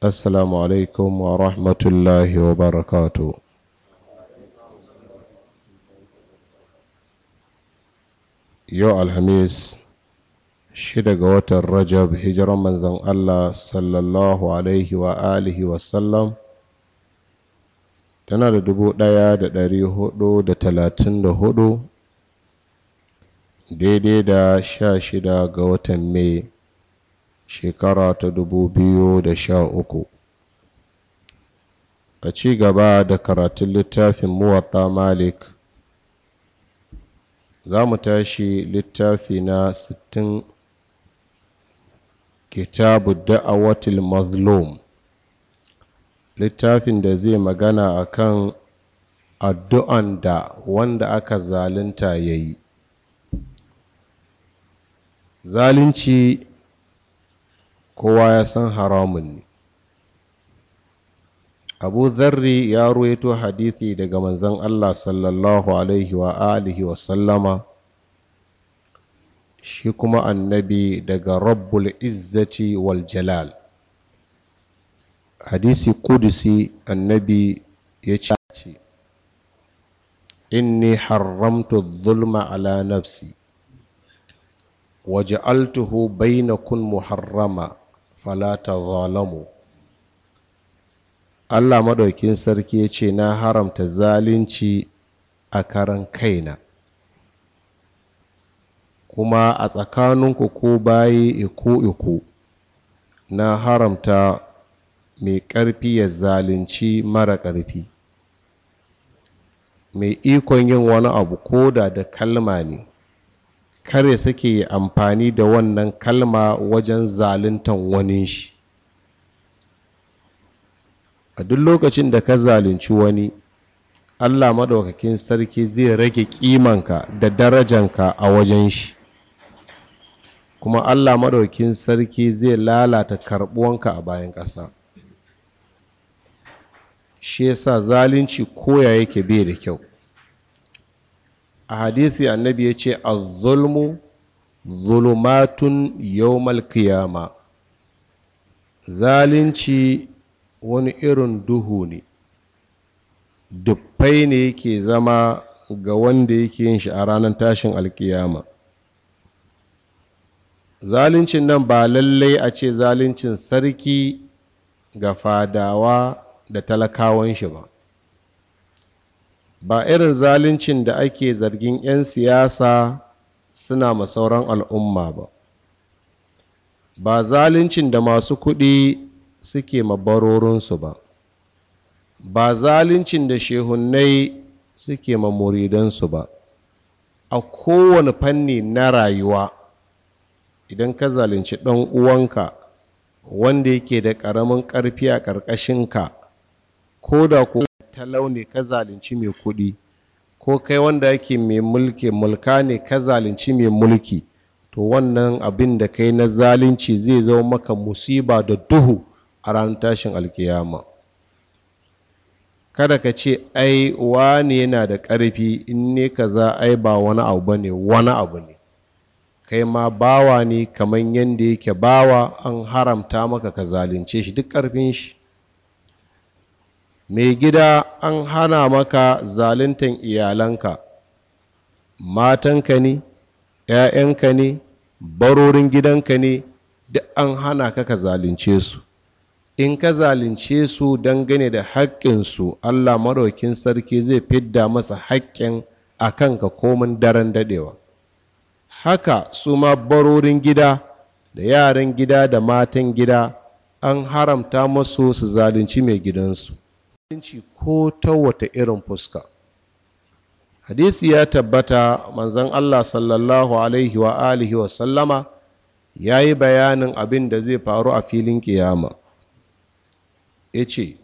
assalamu alaikum wa rahmatullahi wa barakatuh yau alhamis shida ga watan rajab hijiran manzan allah sallallahu alaihi wa alihi tana da dubu ɗaya da dari hudu da talatin da hudu daidai da sha shida ga watan mai shekara ta dubu biyu da sha uku. a ci gaba da karatun littafin muwatta malik za mu tashi littafi na sittin kitabu da'awatul mazlum littafin da zai magana a kan addu'an da wanda aka zalunta ya yi zalunci kowa ya san haramun ne abu zarri ya ruwaito hadithi daga manzan allah sallallahu alaihi wa alihi wa shi kuma annabi daga rabbul izzati wal jalal hadisi kudusi annabi ya ce inni haramtu zulma ala nafsi waja'altuhu bainakun muharrama falata zalamu allah maɗaukin sarki ya ce na haramta zalunci a karan kaina kuma a tsakaninku ko bayi iku iku na haramta mai ƙarfi ya zalunci mara ƙarfi mai ikon yin wani abu ko da da kalma ne kare sake amfani da wannan kalma wajen zaluntan wani shi a duk lokacin da ka zalunci wani allah maɗaukakin sarki zai rage ƙimanka da darajanka a wajen shi kuma allah maɗaukakin sarki zai lalata karɓuwanka a bayan ƙasa shi yasa zalunci koya yake bai da kyau a hadisi annabi ya ce a zulmu zulumatun yawmal qiyama zalunci wani irin duhu ne dubbai ne yake zama ga wanda yake yin shi a ranar tashin alkiyama zaluncin nan ba lallai a ce zaluncin sarki ga fadawa da talakawan shi ba ba irin zaluncin da ake zargin 'yan siyasa suna ma sauran al'umma ba ba zaluncin da masu kuɗi suke mabarorinsu ba ba zaluncin da shehunnai suke ma muridansu ba a kowane fanni na rayuwa idan ka zalunci ɗan uwanka wanda yake da ƙaramin ƙarfi a ƙarƙashinka ko da ku talau ne ka zalunci mai kuɗi ko kai wanda yake mai mulki mulka ne ka zalunci mai mulki to wannan abin da kai na zalunci zai zama maka musiba da duhu a ranar tashin alkiyama kada ka ce ai wani yana da ƙarfi in ne kaza ai ba wani abu ba ne wani abu ne kai ma bawa ne kamar yadda yake bawa an haramta maka ka zalunce shi duk ƙarfin shi mai gida an hana maka zaluntan iyalanka matanka ne ‘ya'yanka ne barorin gidanka ne duk an hana ka ka zalunce su in ka zalunce su dangane da haƙƙinsu allah maraukin sarki zai fidda masa haƙƙin a kanka komin daren daɗewa haka su ma barorin gida da yaran gida da matan gida an haramta masu su zalunci mai gidansu mutunci ko ta wata irin fuska hadisi ya tabbata manzon Allah sallallahu alaihi wa alihi wa sallama ya yi bayanin abin da zai faru a filin kiyama ya ce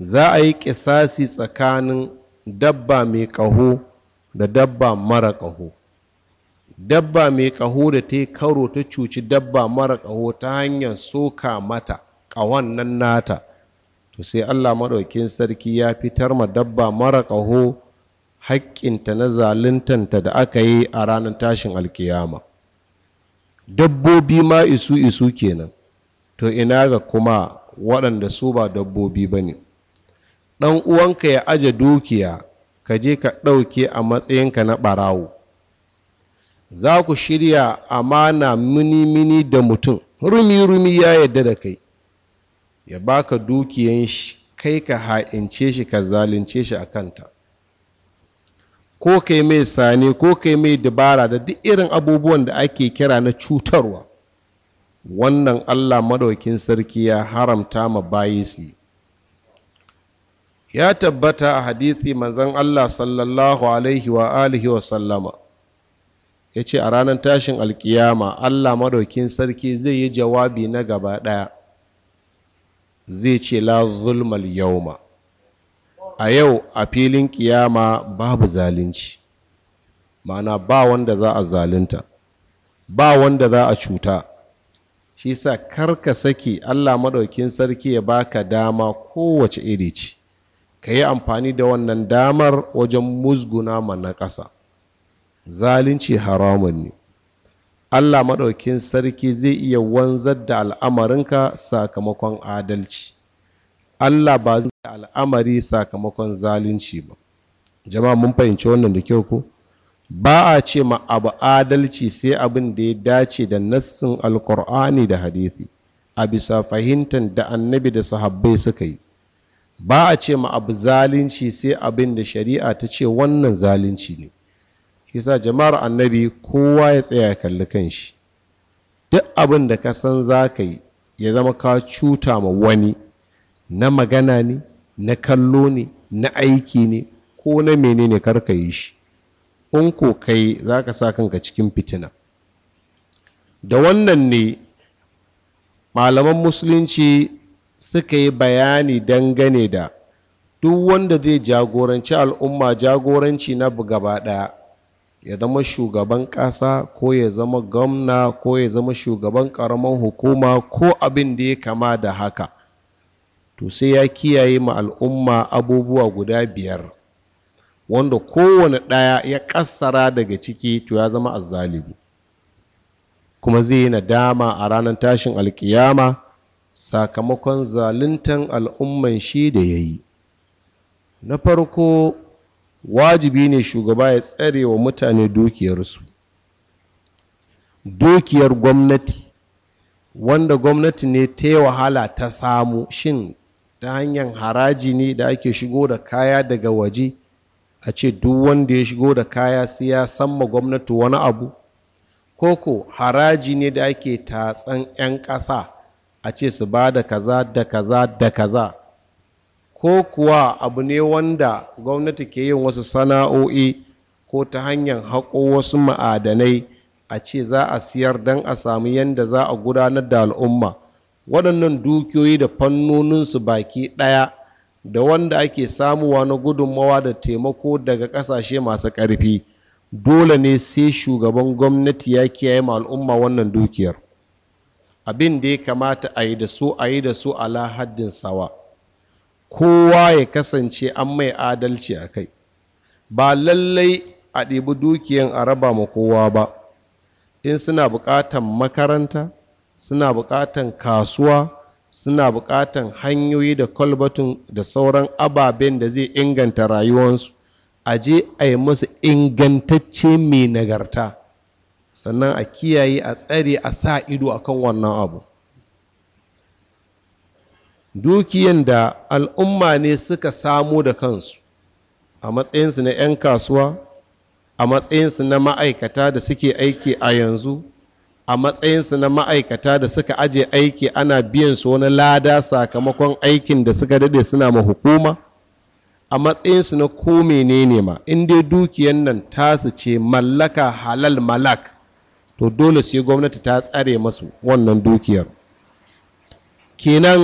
za a yi kisasi tsakanin dabba mai kaho da dabba mara ƙaho dabba mai ƙaho da ta yi karo ta cuci dabba mara ƙaho ta hanyar soka mata ƙahon nan nata to sai allah maɗaukin sarki ya fitar ma dabba mara ƙaho haƙƙinta na zaluntanta da aka yi a ranar tashin alkiyama dabbobi ma isu isu kenan to ina ga kuma waɗanda su ba dabbobi ba ne ɗan uwanka ya aje dukiya ka je ka ɗauke a matsayinka na ɓarawo za ku shirya amana mini-mini da mutum rumi-rumi ya yadda da kai ya baka dukiyan shi kai ka ha'ince shi ka zalunce shi a kanta ko kai mai Sani ko kai mai dabara da duk irin abubuwan da ake kira na cutarwa wannan allah madaukin sarki ya haramta ma bayi su ya tabbata a hadithi manzan allah sallallahu alaihi wa alihi wa sallama ya ce a ranar tashin alkiyama allah madaukin sarki zai yi jawabi na gaba ɗaya zai ce la zulmal yauma a yau a filin kiyama babu zalunci ma'ana ba wanda za a zalunta ba wanda za a cuta shi sa karka saki allah maɗaukin sarki ya baka dama kowace iri ce ka yi amfani da wannan damar wajen musguna ma na ƙasa zalunci haramun ne Allah maɗaukin sarki zai iya wanzar da al'amarinka sakamakon adalci Allah ba zai al'amari sakamakon zalunci ba jama'a mun fahimci wannan da kyau ko ba a ce ma abu adalci sai abin da ya dace da nassin alkur'ani da hadithi a bisa fahimtar da annabi da sahabbai suka yi ba a ce ma abu zalunci sai abin da shari'a ta ce wannan zalunci ne yasa jama'ar annabi kowa ya tsaya ya kalli kan shi duk abin da ka san za ka yi ya zama ka cuta ma wani na magana ne na kallo ne na aiki ne ko na menene karka yi shi in ko kai za ka sa kanka cikin fitina da wannan ne malaman musulunci suka yi bayani dangane da duk wanda zai jagoranci al'umma jagoranci na gaba ɗaya ya zama shugaban ƙasa ko ya zama gwamna ko ya zama shugaban ƙaramin hukuma ko abin da ya kama da haka to sai ya kiyaye ma al'umma abubuwa guda biyar wanda kowane ɗaya ya ƙassara daga ciki to ya zama azzalibi kuma zai yi nadama a ranar tashin alkiyama sakamakon zaluntan al'umman shi da ya yi na farko wajibi ne shugaba ya tsare wa mutane dukiyarsu dukiyar gwamnati wanda gwamnati ne ta yi wahala ta samu shin ta hanyar haraji ne da ake shigo da kaya daga waje a ce duk wanda ya shigo da kaya sai ya samma gwamnati wani abu koko haraji ne da ake tatsan 'yan ƙasa a ce su ba da kaza da kaza da kaza ko kuwa abu ne wanda gwamnati ke yin wasu sana'o'i ko ta hanyar haƙo wasu ma'adanai a ce za a siyar don a samu yadda za a gudanar da al'umma waɗannan dukiyoyi da fannoninsu baki ɗaya da wanda ake samuwa na gudunmawa da taimako daga ƙasashe masu ƙarfi dole ne sai shugaban gwamnati ya kiyaye ma al'umma wannan dukiyar abin da ya kamata a yi da su a yi da su ala haddin sawa kowa ya kasance an mai adalci a kai ba lallai a ɗibi dukiyan a raba ma kowa ba in suna buƙatan makaranta suna buƙatan kasuwa suna buƙatan hanyoyi da kwalbatun da sauran ababen da zai inganta rayuwarsu a je a yi musu ingantacce mai nagarta sannan a kiyaye a tsare a sa ido a kan wannan abu dukiyan da al'umma ne suka samu da kansu a matsayinsu na 'yan kasuwa a matsayinsu na ma'aikata da suke aiki a yanzu a matsayinsu na ma'aikata da suka aje aiki ana biyansu wani lada sakamakon aikin da suka dade suna ma hukuma a matsayinsu na ko menene ma in dai dukiyan nan tasu ce mallaka halal malak to dole sai gwamnati ta tsare masu wannan dukiyar kenan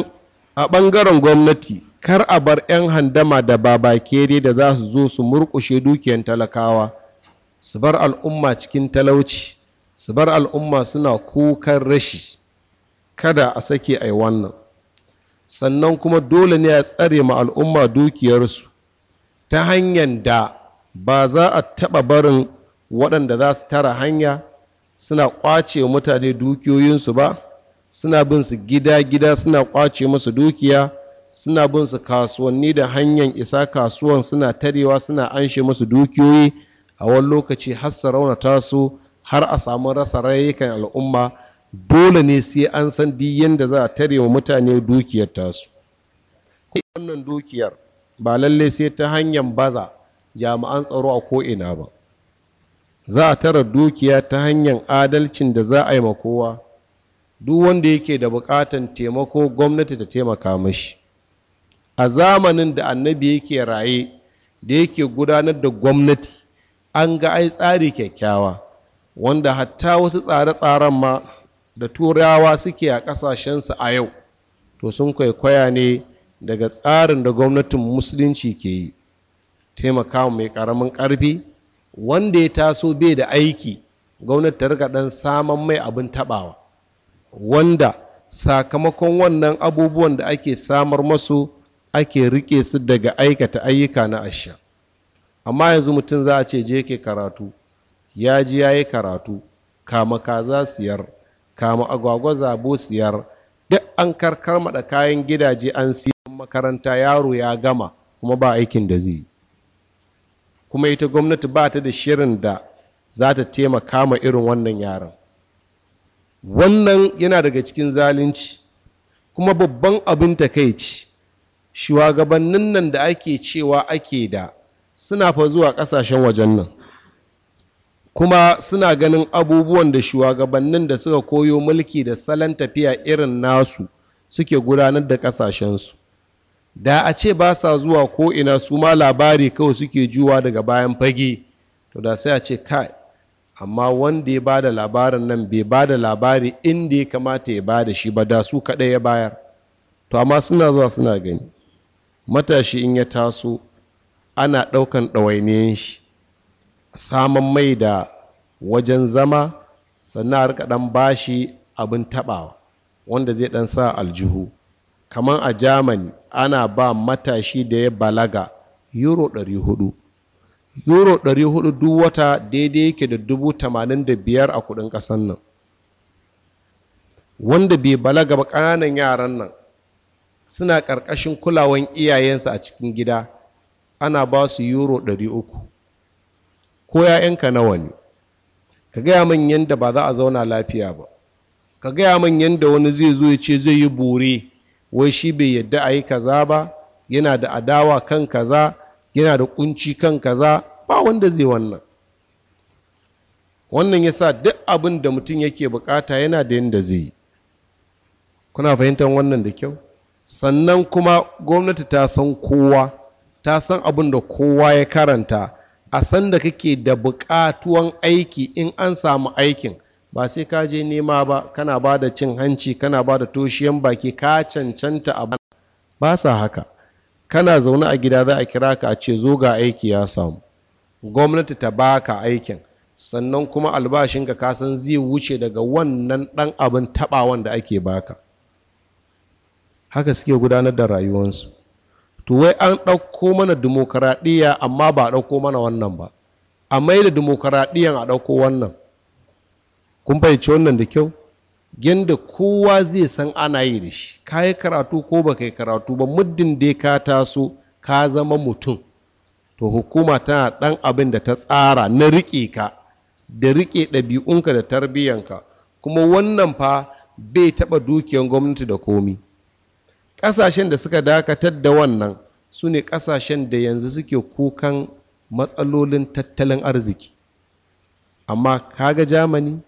a ɓangaren gwamnati kar a bar 'yan handama da babakere da za su zo su murƙushe dukiyar talakawa su bar al'umma cikin talauci su bar al'umma suna kukan rashi kada a sake a wannan sannan kuma dole ne a tsare ma al'umma dukiyarsu ta hanyar da ba za a taɓa barin waɗanda za su tara hanya suna ƙwace mutane dukiyoyinsu ba suna bin su gida-gida suna kwace musu dukiya suna bin su kasuwanni da hanyar isa kasuwan suna tarewa suna anshe musu dukiyoyi a wani lokaci har su raunata su har a samu rasa rayukan al'umma dole ne sai an san diyanda yadda za a tare wa mutane dukiyar tasu wannan dukiyar ba lalle sai ta hanyar baza jami'an tsaro a ko'ina ba za a tara dukiya ta hanyar adalcin da za a yi ma kowa duk wanda yake da bukatan taimako gwamnati ta taimaka mashi a zamanin da annabi yake raye da yake gudanar da gwamnati an ga ai tsari kyakkyawa wanda hatta wasu tsare-tsaren ma da turawa suke a ƙasashensu a yau to sun kwaikwaya ne daga tsarin da gwamnatin musulunci ke yi taimaka mai ƙaramin ƙarfi wanda ya taso bai da aiki gwamnati ta rika ɗan saman mai abin taɓawa wanda sakamakon wannan abubuwan da ake samar masu ake rike su daga aikata ayyuka na asha amma yanzu mutum za a ce je ke karatu ya ji ya yi karatu kama kaza siyar kama agwagwa zabo siyar duk an karkar da kayan gidaje an siyan makaranta yaro ya gama kuma ba aikin da zai kuma ita gwamnati ba ta da shirin da za ta taimaka ma irin wannan yaron wannan yana daga cikin zalunci kuma babban abin takaici shugabannin nan da ake cewa ake da suna fa zuwa ƙasashen wajen nan kuma suna ganin abubuwan da shugabannin da suka koyo mulki da salon tafiya irin nasu suke gudanar da ƙasashensu da a ce ba sa zuwa ko'ina su ma labari kawai suke juwa daga bayan fage to da sai a ce kai amma wanda ya bada labarin nan bai bada labari inda ya kamata ya bada shi ba da su kaɗai ya bayar to amma suna zuwa suna gani matashi in ya taso ana ɗaukan ɗawainiyan shi saman mai da wajen zama sannan a rika ɗan bashi abin taɓawa wanda zai ɗan sa aljihu kamar a jamani ana ba matashi da ya balaga euro 400 euro 400 duk wata daidai yake da dubu biyar a kudin kasan nan wanda bai balaga ba ƙananan yaran nan suna ƙarƙashin kulawan iyayensa a cikin gida ana ba su euro 300 ko 'ya'yanka nawa ne ka gaya manyan yadda ba za a zauna lafiya ba ka gaya min yadda wani zai zo ya ce zai yi bore wai shi bai yadda a yi kaza ba yana da adawa kan kaza yana da kunci kan kaza ba wanda zai wannan wannan ya sa duk abin da mutum yake bukata yana da yadda zai yi kuna fahimtar wannan da kyau sannan kuma gwamnati ta san kowa ta san abin da kowa ya karanta a san da kake da bukatuwan aiki in an samu aikin ba sai ka je nema ba kana ba da cin hanci kana ba da toshiyan baki ka cancanta a ba sa haka kana zaune a gida za a kira ka a ce zo ga aiki ya samu gwamnati ta baka aikin sannan kuma albashinka ka san zai wuce daga wannan ɗan abin taɓawan da ake baka haka suke gudanar da rayuwansu to wai an ɗauko mana dimokuraɗiyya amma ba a ɗauko mana wannan ba a mai da dimokuraɗiyyan a ɗauko wannan kun fahimci wannan da kyau yadda kowa zai san ana yi da shi ka yi karatu ko ba ka yi karatu ba muddin dai ka taso ka zama mutum to hukuma tana ɗan abin da ta tsara na riƙe ka da riƙe ɗabi'unka da tarbiyyanka kuma wannan fa bai taɓa dukiyar gwamnati da komi ƙasashen da suka dakatar da wannan su ne ƙasashen da yanzu suke kukan matsalolin tattalin arziki amma kaga jamani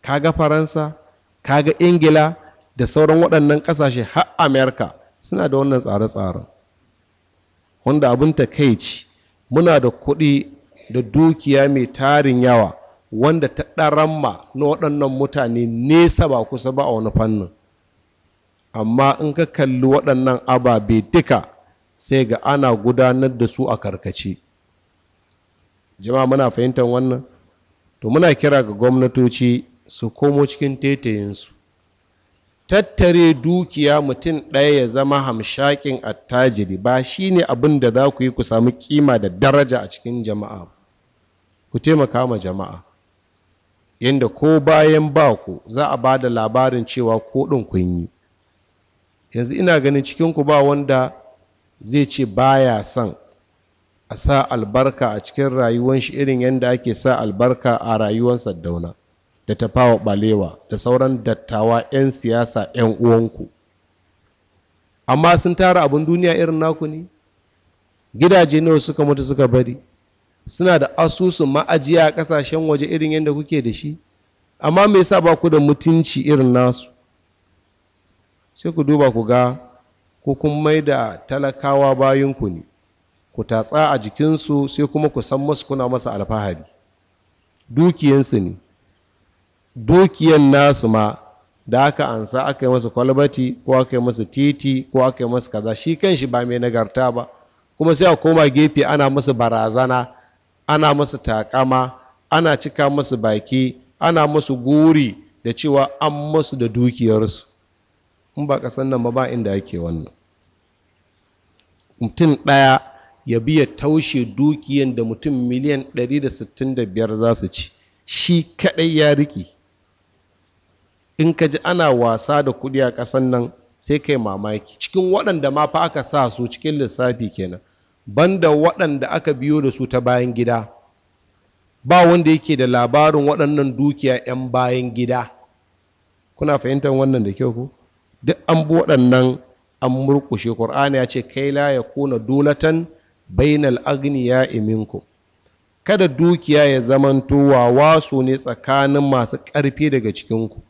kaga faransa kaga ingila da sauran waɗannan ƙasashe har amerika suna da wannan tsare-tsaren wanda abin takaici muna da kuɗi da dukiya mai tarin yawa wanda ta ɗaramma na waɗannan mutane nesa ba kusa ba a wani fannin amma in ka kalli waɗannan ababe duka sai ga ana gudanar da su a karkace jama'a muna fahimtar wannan to muna kira ga gwamnatoci su komo cikin taitayinsu. tattare dukiya mutum ɗaya ya zama hamshakin attajiri ba shi ne abin da za ku yi ku samu kima da daraja a cikin jama'a ku taimaka ma jama'a yadda ko bayan ba ku za a ba da labarin cewa koɗin ɗin kun yi yanzu ina ganin cikinku ba wanda zai ce baya son a sa albarka a cikin rayuwan shi irin yadda ake sa albarka a rayuwan saddauna da tafawa balewa da sauran dattawa 'yan siyasa 'yan uwanku amma sun tara abin duniya irin naku ne gidaje nawa suka mutu suka bari suna da asusun ma'ajiya a kasashen waje irin yadda kuke da shi amma mai sa ba ku da mutunci irin nasu sai ku duba ku ga ko kun mai da talakawa bayanku ne ku tatsa a jikinsu sai kuma ku san masu kuna masa alfahari dukiyansu ne dukiyan nasu ma da aka ansa aka yi masa kwalbati ko aka yi masa titi ko aka yi masa kaza shi kanshi ba mai nagarta ba kuma sai a koma gefe ana masa barazana ana masa takama ana cika masa baki ana masu guri da cewa an masu da dukiyarsu in ba kasan nan ba ba inda ake wannan mutum ɗaya ya biya taushe dukiyan da mutum miliyan 165 za su ci shi kaɗai ya riƙe in ka ji ana wasa da kuɗi a ƙasan nan sai kai mamaki cikin waɗanda ma fa aka sa su cikin lissafi kenan banda waɗanda aka biyo da su ta bayan gida ba wanda yake da labarin waɗannan dukiya 'yan bayan gida kuna fahimtar wannan da kyau ku duk an bi waɗannan an murƙushe ƙur'ani ya ce kai la ya kuna dolatan bainal agni ya iminku kada dukiya ya zamanto wasu ne tsakanin masu ƙarfi daga cikinku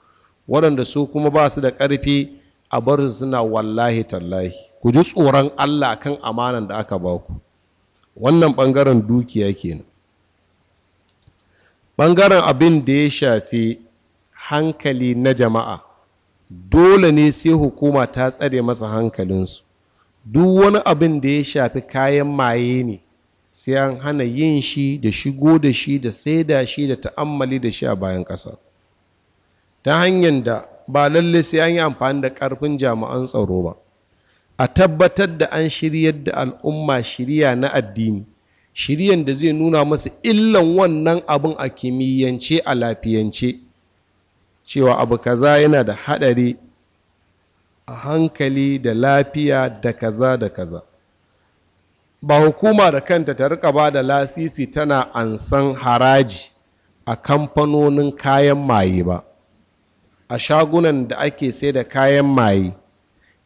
waɗanda su kuma ba su da ƙarfi a bar suna wallahi tallahi ku ji tsoron allah kan amanan da aka ba ku wannan ɓangaren dukiya kenan ɓangaren abin da ya shafi hankali na jama'a dole ne sai hukuma ta tsare masa hankalinsu duk wani abin da ya shafi kayan maye ne sai an hana yin shi da shigo da shi da saida shi da ta'ammali da shi a bayan ƙasa ta hanyar da ba lalle sai an yi amfani da ƙarfin jami'an tsaro ba a tabbatar da an shiryar da al'umma shirya na addini shiryan da zai nuna masu illan wannan abin a kimiyyance a lafiyance cewa abu kaza yana da haɗari a hankali da lafiya da kaza da kaza ba hukuma da kanta ta rika ba da lasisi tana ansan haraji a kamfanonin kayan maye ba a shagunan da ake sai da kayan maye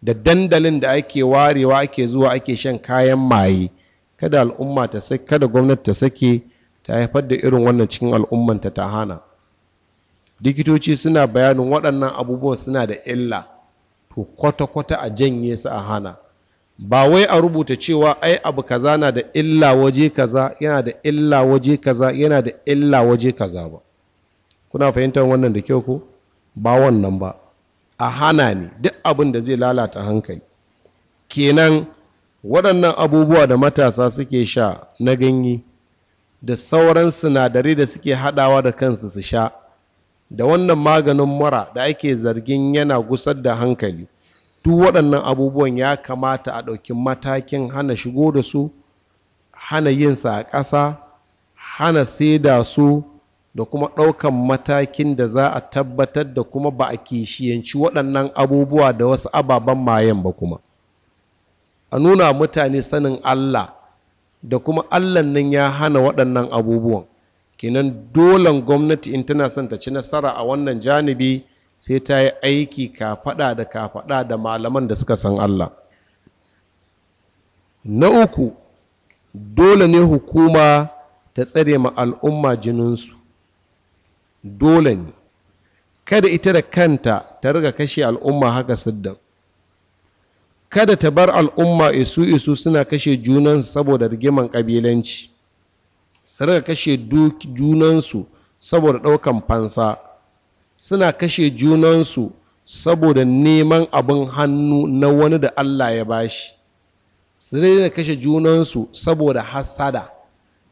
da dandalin da ake warewa ake zuwa ake shan kayan maye kada al'umma ta sake kada gwamnati ta sake ta haifar da irin wannan cikin al'ummanta ta hana likitoci suna bayanin waɗannan abubuwan suna da illa to kwata-kwata a janye su a hana ba wai a rubuta cewa ai abu kaza na da illa waje kaza yana da illa waje kaza yana da illa waje kaza ba kuna fahimtar wannan da kyau ko ba wannan ba a hana ne duk abin da zai lalata hankali kenan waɗannan abubuwa da matasa suke sha na ganye da sauran sinadarai da suke haɗawa da kansu su sha da wannan maganin mura da ake zargin yana gusar da hankali duk waɗannan abubuwan ya kamata a ɗauki matakin hana shigo da su hana yinsa a ƙasa hana saida su da kuma ɗaukan matakin da za a tabbatar da kuma ba a kishiyanci waɗannan abubuwa da wasu ababen mayan ba kuma a nuna mutane sanin allah da kuma allah nan ya hana waɗannan abubuwan kinan dolan gwamnati in tana son ta ci nasara a wannan janibi sai ta yi aiki kafaɗa da kafaɗa da malaman da suka san allah na uku dole ne hukuma ta tsare ma al'umma jininsu dole ne kada ita da kanta ta riga kashe al'umma haka siddan kada ta bar al'umma isu isu suna kashe junansu saboda rigiman ƙabilanci su riga kashe junansu saboda ɗaukan fansa suna kashe junansu saboda neman abin hannu na wani da allah ya bashi su daina kashe junansu saboda hasada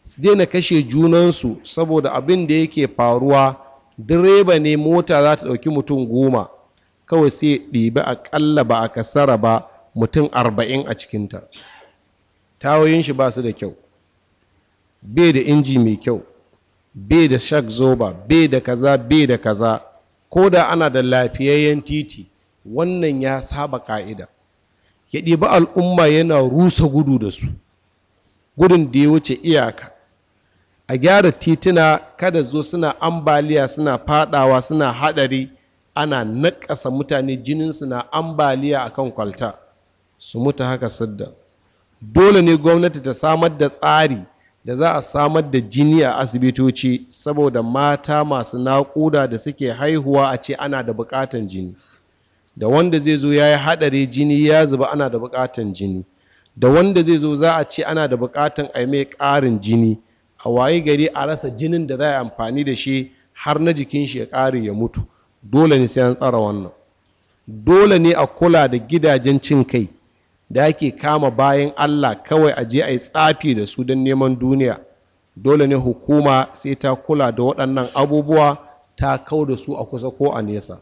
su daina kashe junansu saboda abin da yake faruwa direba ne mota za ta ɗauki mutum goma kawai sai ɗibi aƙalla ba a kasara ba mutum arba'in a cikinta tawoyin shi ba su da kyau bai da inji mai kyau bai da shak zoba bai da kaza bai da kaza ko da ana da lafiyayyen titi wannan ya saba ka'ida ya ɗiba al'umma yana rusa gudu da su gudun da ya wuce iyaka a gyara tituna kada zo suna ambaliya suna fadawa suna hadari ana nakasa mutane jininsu na ambaliya akan kwalta su mutu haka sadda dole ne gwamnati ta samar da tsari da za a samar da jini a asibitoci saboda mata masu naƙuda da suke haihuwa a ce ana da buƙatan jini da wanda zai zo ya yi haɗari jini ya zuba ana da buƙatan jini da wanda zai zo za a ce ana da bukatan a mai ƙarin jini a waye gari a rasa jinin da za a amfani da shi har na jikin shi ya ƙare ya mutu dole ne sai an tsara wannan dole ne a kula da gidajen cin kai da ake kama bayan allah kawai a je a yi tsafi da su don neman duniya dole ne hukuma sai ta kula da waɗannan abubuwa ta kau da su a kusa ko a nesa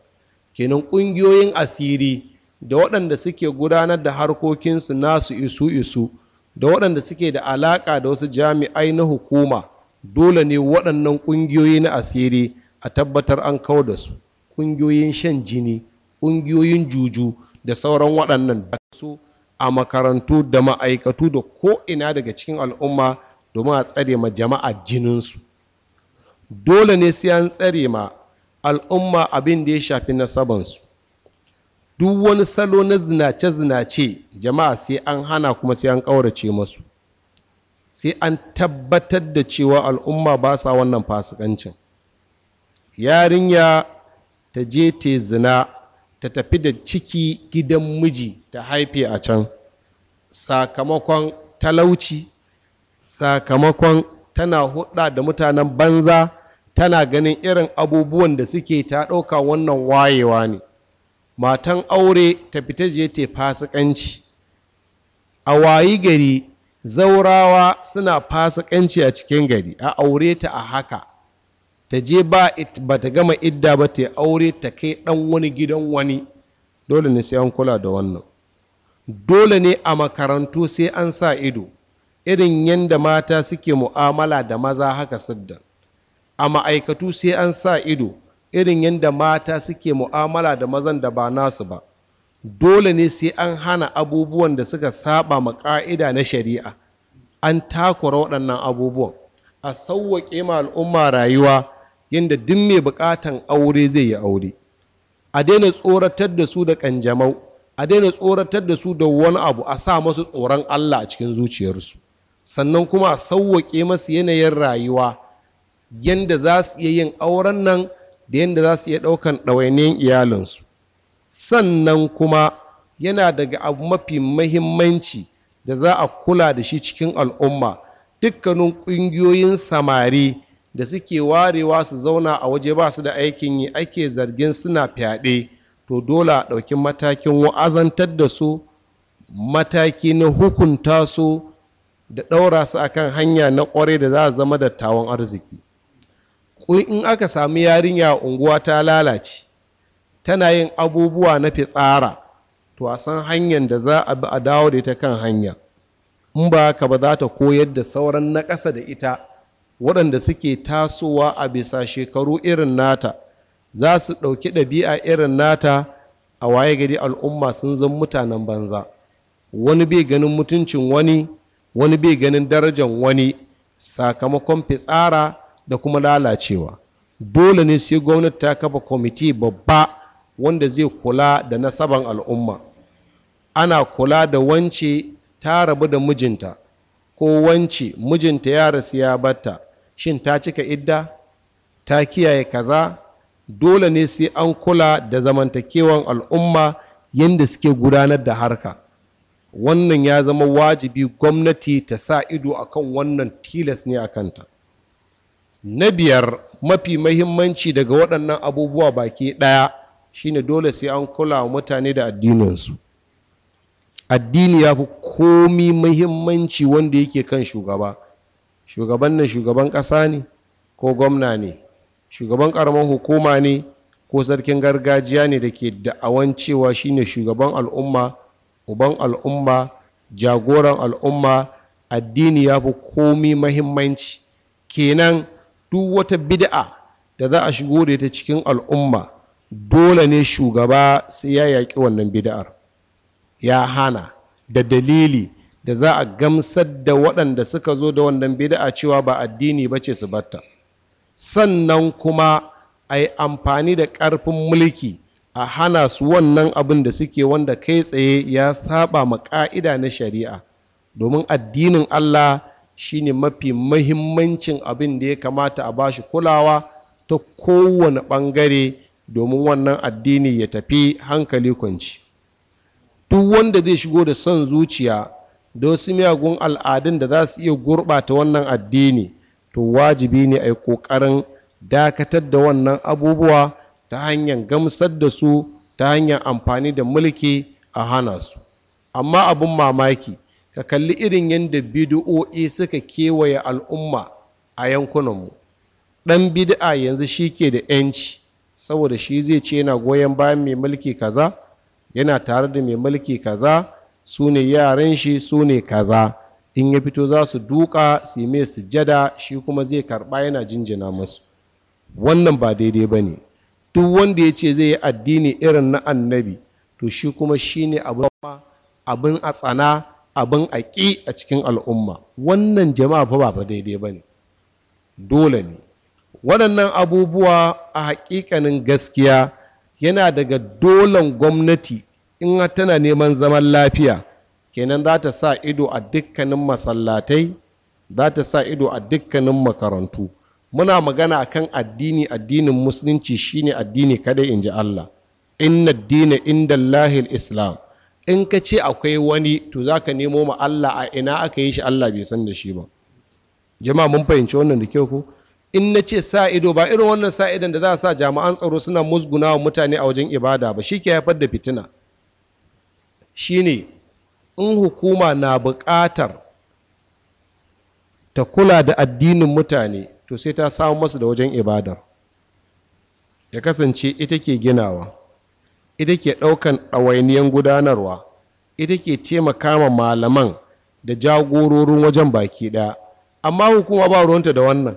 kenan ƙungiyoyin asiri da waɗanda suke gudanar da harkokinsu nasu isu isu da waɗanda suke da alaƙa da wasu jami'ai na hukuma dole ne waɗannan ƙungiyoyi na asiri a tabbatar an kawo da su ƙungiyoyin shan jini ƙungiyoyin juju da sauran waɗannan su a makarantu da ma'aikatu da ko'ina daga cikin al'umma domin a tsare ma jama'a jininsu dole ne sai an tsare ma al'umma abin da ya shafi nasabansu duk wani salo na zinace-zinace jama'a sai an hana kuma sai an ƙaurace masu sai an tabbatar da cewa al'umma ba sa wannan fasikancin yarinya ta je ta zina ta tafi da ciki gidan miji ta haife a can sakamakon talauci sakamakon tana hudda da mutanen banza tana ganin irin abubuwan da suke ta ɗauka wannan wayewa ne matan aure ta fita je te fasikanci a wayi gari zaurawa suna fasikanci a cikin gari a aure ta a haka ta je ba ta gama idda ba ta aure ta kai dan wani gidan wani dole ne sai an kula da wannan dole ne a makarantu sai an sa ido irin yadda mata suke mu'amala da maza haka siddan a ma'aikatu sai an sa ido irin yadda mata suke mu'amala da mazan da ba nasu ba dole ne sai an hana abubuwan da suka saba ma ƙa'ida na shari'a an takura waɗannan abubuwan a sauwaƙe ma al'umma rayuwa yadda duk mai buƙatan aure zai yi aure a daina tsoratar da su da ƙanjamau a daina tsoratar da su da wani abu a sa masu tsoron allah a cikin zuciyarsu sannan kuma a sauwaƙe masu yanayin rayuwa yadda za su iya yin auren nan da yadda za su iya ɗaukan ɗawainiyar iyalinsu sannan kuma yana daga abu mafi mahimmanci da za a kula da shi cikin al'umma dukkanin ƙungiyoyin samari da suke warewa su zauna a waje ba su da aikin yi ake zargin suna fyaɗe to dole a ɗauki matakin wa'azantar da su mataki na hukunta su da ɗaura su akan hanya na ƙwarai da za a zama da dattawan arziki in aka sami yarinya unguwa ta lalace tana yin abubuwa na fitsara to a san hanyar da za a bi a dawo da ita kan hanya in ba ka ba za ta koyar da sauran na ƙasa da ita waɗanda suke tasowa a bisa shekaru irin nata za su ɗauki ɗabi'a irin nata a waye gari al'umma sun zan mutanen banza wani bai ganin mutuncin wani wani bai ganin darajan wani sakamakon fitsara da kuma lalacewa dole ne sai gwamnati ta kafa kwamiti babba wanda zai kula da nasaban al'umma ana kula da wance ta rabu da mijinta ko wance mijinta ya rasu ya batta shin ta cika idda ta kiyaye kaza dole ne sai an kula da zamantakewan al'umma yadda suke gudanar da harka wannan ya zama wajibi gwamnati ta sa ido akan wannan tilas ne a kanta na biyar mafi mahimmanci daga waɗannan abubuwa baki ɗaya shine dole sai an kula wa mutane da addininsu addini ya fi komi mahimmanci wanda yake kan shugaba shugaban nan shugaban ƙasa ne ko gwamna ne shugaban ƙaramin hukuma ne ko sarkin gargajiya ne da ke da'awan cewa shine shugaban al'umma uban al'umma jagoran al'umma addini ya fi komi mahimmanci kenan duk wata bid'a da za a shigo da ta cikin al'umma dole ne shugaba sai ya yaƙi wannan bid'ar ya hana da dalili da za a gamsar da waɗanda suka zo da wannan bid'a cewa ba addini ba ce su batta sannan kuma a yi amfani da ƙarfin mulki a hana su wannan abin da suke wanda kai tsaye ya saba ma ƙa'ida na shari'a domin addinin allah shine mafi mahimmancin abin da ya kamata a bashi kulawa ta kowane ɓangare domin wannan addini ya tafi hankali kwanci duk wanda zai shigo da son zuciya da wasu miyagun al'adun da za su iya gurɓata wannan addini to wajibi ne a yi ƙoƙarin dakatar da wannan abubuwa ta hanyar gamsar da su ta hanyar amfani da mulki a hana su amma abin mamaki ka kalli irin yadda bidu'o'i suka kewaye al'umma a yankunanmu ɗan bid'a yanzu shi ke da 'yanci saboda shi zai ce yana goyon bayan mai mulki kaza yana tare da mai mulki kaza su ne yaran shi su ne kaza in ya fito za su duka su mai sujada shi kuma zai karɓa yana jinjina masu wannan ba daidai ba ne duk wanda ya ce zai yi addini irin na annabi to shi kuma shi ne abin a tsana abin aƙi a cikin al'umma wannan jama'a fa ba fa daidai ba ne dole ne waɗannan abubuwa a haƙiƙanin gaskiya yana daga dolan gwamnati in tana neman zaman lafiya kenan za ta sa ido a dukkanin masallatai za ta sa ido a dukkanin makarantu muna magana a kan addini addinin musulunci shine addini kada in ji Allah inna dina inda islam in ka ce akwai wani to za ka nemo ma Allah a ina aka yi shi Allah bai san da shi ba jama'a mun fahimci wannan da kyau ko in na ce sa ido ba irin wannan sa idon da za a sa jami'an tsaro suna musguna wa mutane a wajen ibada ba shi ke haifar da fitina shine in hukuma na buƙatar ta kula da addinin mutane to sai ta samu masu da wajen ibadar ya kasance ita ke ginawa ita ke ɗaukan ɗawainiyar gudanarwa ita ke taimaka ma malaman da jagororin wajen baki ɗaya amma hukuma ba ruwanta da wannan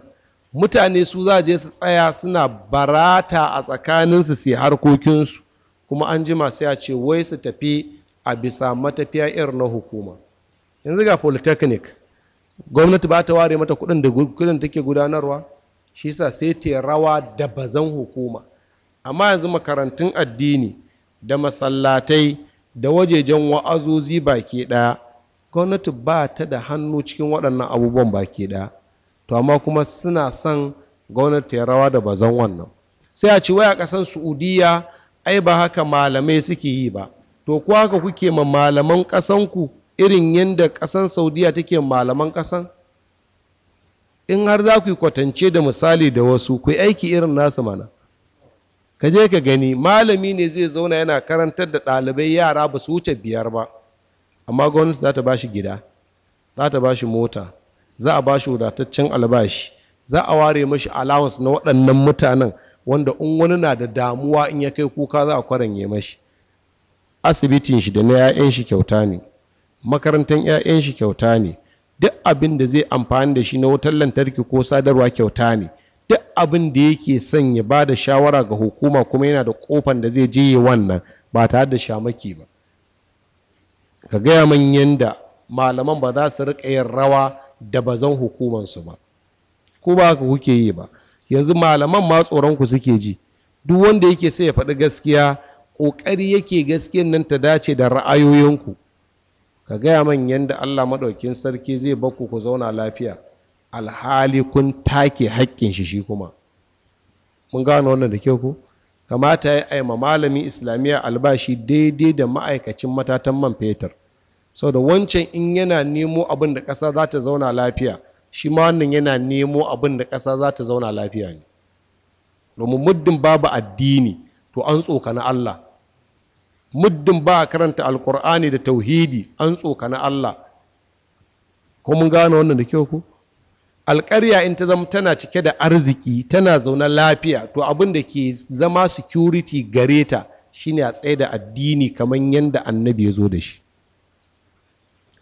mutane su za je su tsaya suna barata a tsakaninsu su harkokinsu kuma an jima sai a ce wai su tafi a bisa matafiya irin na hukuma yanzu ga polytechnic gwamnati ba ta ware mata kudin da kudin take gudanarwa shi sa sai ta rawa da bazan hukuma amma yanzu makarantun addini da masallatai da wajejen wa'azozi baki ɗaya gwamnati ba ta da hannu cikin waɗannan abubuwan baki ɗaya to amma kuma suna son gwamnati ya rawa da bazan wannan sai a ci waya ƙasar su'udiya ai ba haka malamai suke yi ba to ko haka kuke ma malaman ƙasanku irin yadda ƙasan saudiya take malaman ƙasan in har za ku yi kwatance da misali da wasu ku yi aiki irin nasu mana ka je ka gani malami ne zai zauna yana karantar da ɗalibai yara ba su wuce biyar ba amma gwamnati za ta ba shi gida za ta ba shi mota za a ba shi wadataccen albashi za a ware mashi allowance na waɗannan mutanen wanda in wani na da damuwa in ya kai kuka za a kwaranye mashi asibitin shi da na 'ya'yan shi kyauta ne makarantar 'ya'yan shi kyauta ne duk abin da zai amfani da shi na wutar lantarki ko sadarwa kyauta ne duk abin da yake son ya ba da shawara ga hukuma kuma yana da kofan da zai je wannan ba tare da shamaki ba ka gaya man yadda malaman ba za su riƙa yin rawa da bazan hukumansu ba ko ba haka kuke yi ba yanzu malaman ma tsoronku suke ji duk wanda yake sai ya faɗi gaskiya ƙoƙari yake gaskiyan nan ta dace da ra'ayoyinku ka gaya man yadda allah maɗaukin sarki zai bakku ku zauna lafiya alhali kun take haƙƙin shi shi kuma mun gano wannan da kyau ku kamata ya yi aima malami islamiyya albashi daidai da ma'aikacin matatan man fetur sau da wancan in yana nemo abin da ƙasa za ta zauna lafiya shi ma wannan yana nemo abin da ƙasa za ta zauna lafiya ne domin muddin babu addini to an tsoka na Allah muddin ba a karanta alkur'ani da tauhidi an tsoka na Allah ko mun gane wannan da kyau ku alƙarya in ta zama tana cike da arziki tana zaune lafiya to abin da ke zama security gare ta shine a tsaye da addini kamar yadda annabi ya zo da shi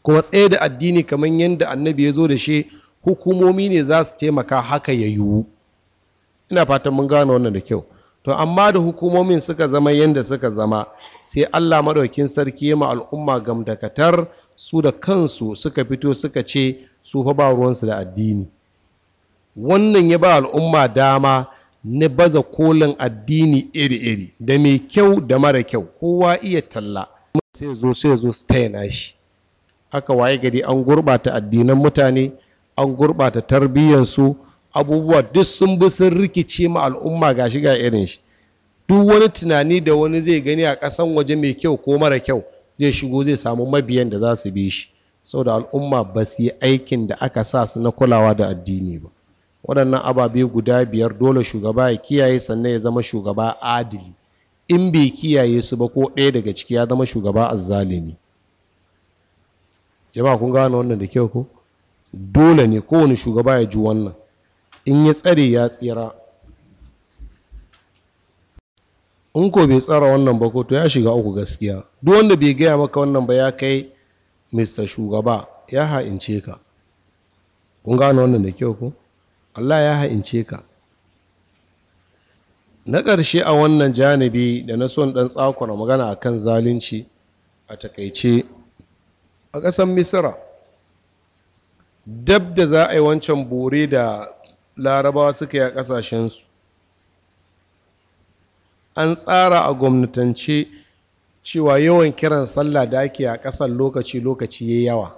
kuma tsaye da addini kamar yadda annabi ya zo da shi hukumomi ne za su taimaka haka ya yiwu ina fatan mun gane wannan da kyau to amma da hukumomin suka zama yadda suka zama sai allah maɗaukin sarki ya ma al'umma gamdakatar su da kansu suka fito suka ce su fa ba ruwansu da addini wannan ya ba al'umma dama na baza kolin addini iri-iri da mai kyau da mara kyau kowa iya talla sai zo sai zo su shi aka waye gari an gurɓata addinan mutane an gurɓata tarbiyyansu abubuwa duk sun bi sun rikice ma al'umma ga shi ga irin shi duk wani tunani da wani zai gani a ƙasan waje mai kyau ko mara kyau zai shigo zai samu mabiyan da za su bi shi saboda al'umma ba su yi aikin da aka sa su na kulawa da addini ba waɗannan ababe guda biyar dole shugaba ya kiyaye sannan ya zama shugaba adili in bai kiyaye su ba ko ɗaya daga ciki ya zama shugaba azzalimi jama'a kun gane wannan da kyau ko dole ne kowane shugaba ya ji wannan in ya tsare ya tsira in ko bai tsara wannan ba ko to ya shiga uku gaskiya duk wanda bai gaya maka wannan ba ya kai mr shugaba ya ha'ince ka kun gano wannan da kyau ku allah ya ha'ince ka na ƙarshe a wannan janibi da na son ɗan tsakon magana a kan zalunci a takaice a ƙasar misira dab da za a yi wancan bore da larabawa suka yi a ƙasashensu an tsara a gwamnatance cewa yawan kiran sallah da ake a ƙasar lokaci-lokaci ya yawa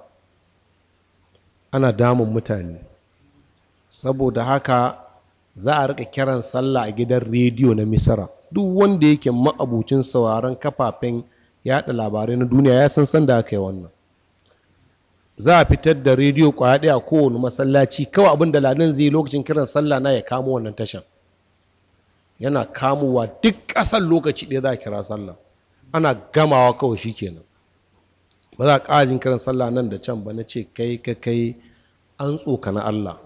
ana damun mutane saboda haka za a rika kiran sallah a gidan rediyo na misira duk wanda yake ma'abucin sauraron kafafen yada labarai na duniya ya san san da aka yi wannan za a fitar da rediyo kwaya ɗaya a kowane masallaci kawai abin da ladan zai lokacin kiran sallah na ya kamo wannan tashan yana kamowa duk ƙasar lokaci ɗaya za a kira sallah ana gamawa kawai shi kenan ba za a ƙajin kiran sallah nan da can ba na ce kai ka kai an tsoka na allah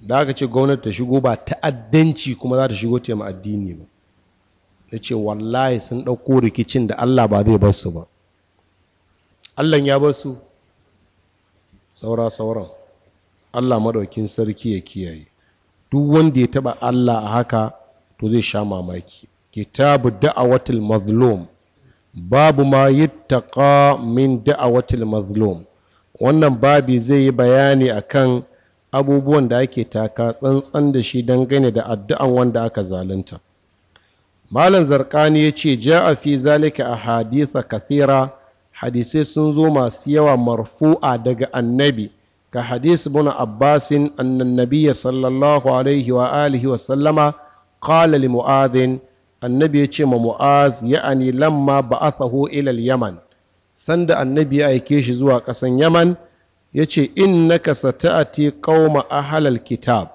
da aka ce gwamnati ta shigo ba ta'addanci kuma za ta shigo yi addini ba na ce wallahi sun ɗauko rikicin da allah ba zai bar su ba allah ya basu su saura sauran allah maɗaukin sarki ya kiyaye duk wanda ya taɓa allah a haka to zai sha mamaki kitabu da'awatul mazlum babu ma yittaqa min da'awatul mazlum wannan babi zai yi bayani akan abubuwan da ake taka tsantsan da shi dangane da addu'an wanda aka zalunta malam zarkani ya ce ja'a fi zalika a haditha kathira hadisai sun zo masu yawa marfu'a daga annabi ka hadis bin abbasin annan sallallahu alaihi wa alihi qala li mu'adhin annabi ya ce ma mu'az ya'ani lamma ba'athahu ila yaman sanda annabi ya aike shi zuwa ƙasan yaman ya ce innaka sata'ati qauma halal kitab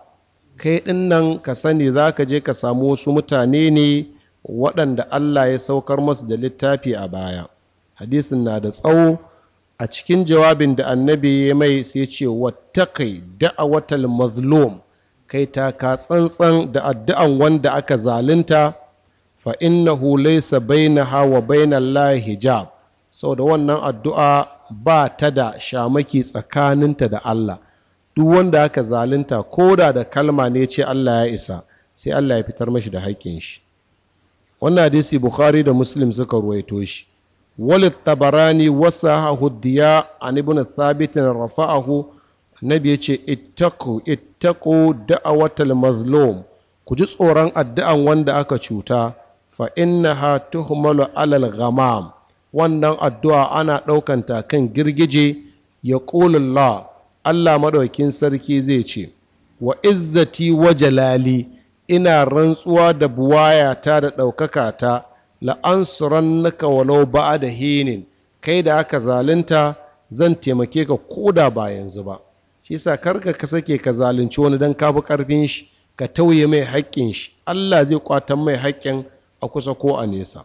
kai nan ka sani za ka je ka samu wasu mutane ne waɗanda Allah ya saukar masu da littafi a baya hadisin na da tsawo a cikin jawabin da annabi ya mai sai ce kai da'awatal mazlum kai ta ka tsantsan da addu'an wanda aka zalunta fa laisa laysa bainaha wa bainallahi hijab Sau da wannan addu'a ba ta da shamaki tsakaninta da Allah duk wanda aka zalunta ko da da kalma ne ce Allah ya isa sai Allah ya fitar mashi da haƙƙin shi wannan hadisi bukhari da muslim suka ruwaito shi walid tabarani wasa huddiya an ibn thabit rafa'ahu annabi yace ittaku ittaku da'awatal mazlum ku ji tsoron addu'an wanda aka cuta fa innaha tuhmalu alal ghamam wannan addu'a ana ɗaukanta kan girgije ya la Allah maɗaukin sarki zai ce wa izzati wa jalali ina rantsuwa da buwayata da ɗaukaka ta la'ansuran naka walau ba da hinin kai da aka zalunta zan taimake ka koda ba yanzu ba shi sa karka ka sake ka zalunci wani don ka fi ƙarfin shi ka tauye mai haƙƙin shi Allah zai kwatan mai haƙƙin a kusa ko a nesa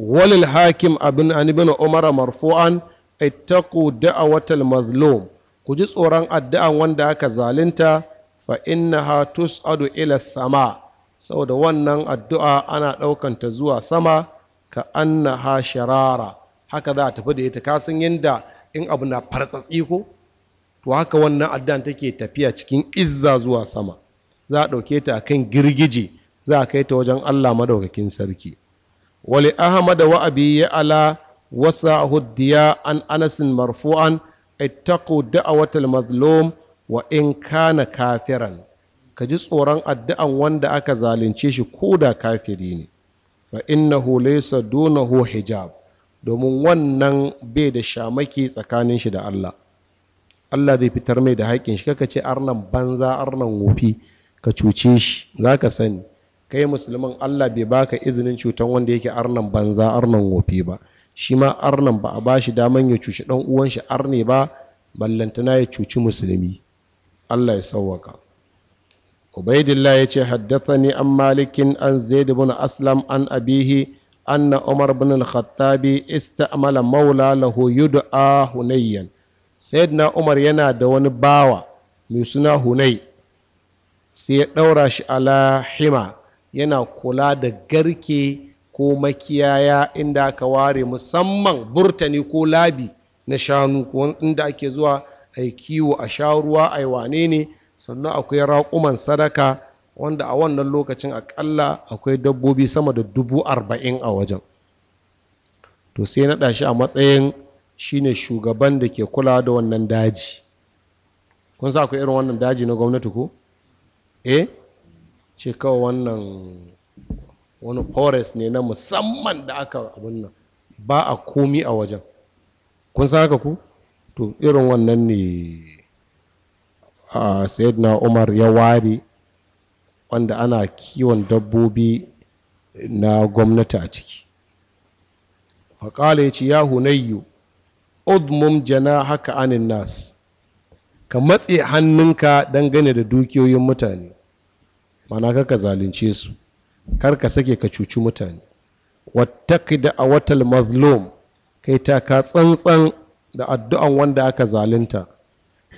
walil hakim abin an ibn umar marfu'an ittaqu da'awatal mazlum ku ji tsoron addu'an wanda aka zalunta fa innaha tus'adu ila sama saboda wannan addu'a ana ɗaukanta zuwa sama ka annaha sharara haka za a tafi da ita kasan yadda in abu na fartsatsi ko to haka wannan addu'an take tafiya cikin izza zuwa sama za a ɗauke ta kan girgije za a kai ta wajen Allah madaukakin sarki wali ahmad wa abi ya ala wasa huddiya an anasin marfu'an ittaqu da'awatal mazlum wa in kana kafiran ka ji tsoron addu'an wanda aka zalunce shi ko da kafiri ne fa innahu laysa dunahu hijab domin wannan bai da shamaki tsakanin shi da Allah Allah zai fitar mai da haƙƙin shi kaka ce arnan banza arnan wofi ka cuce shi za ka sani kai musulmin allah bai baka izinin cutan wanda yake arnan banza arnan wofi ba shi ma arnan ba a ba shi daman ya cuci dan uwan shi arne ba ballantana ya cuci musulmi allah ya sauwaka ubaidillah ya ce haddathani an malikin an zaid ibn aslam an abihi anna umar bin al-khattab ista'mala maula lahu yud'a hunayyan sayyidina umar yana da wani bawa mai suna hunay sai ya daura shi ala hima yana kula da garke ko makiyaya inda aka ware musamman burtani ko labi na shanu ko inda ake zuwa a yi kiwo a sha ruwa a yi wane ne sannan akwai raƙuman sadaka wanda a wannan lokacin akalla akwai dabbobi sama da dubu arba'in a wajen to sai naɗa shi a matsayin shine shugaban da ke kula da wannan daji kun sa akwai irin wannan daji na gwamnati ko eh ce kawai wannan wani forest ne na musamman da aka abin nan ba a komi a wajen kun sa haka ku to irin wannan ne a na umar ya ware wanda ana kiwon dabbobi na gwamnati a ciki faƙala ya ce ya hunayyu udmum jana haka anin nas ka matse hannunka dangane da dukiyoyin mutane mana kar ka zalunce su kar ka sake ka cuci mutane wattaki da awatal mazlum kai ta ka tsantsan da addu'an wanda aka zalunta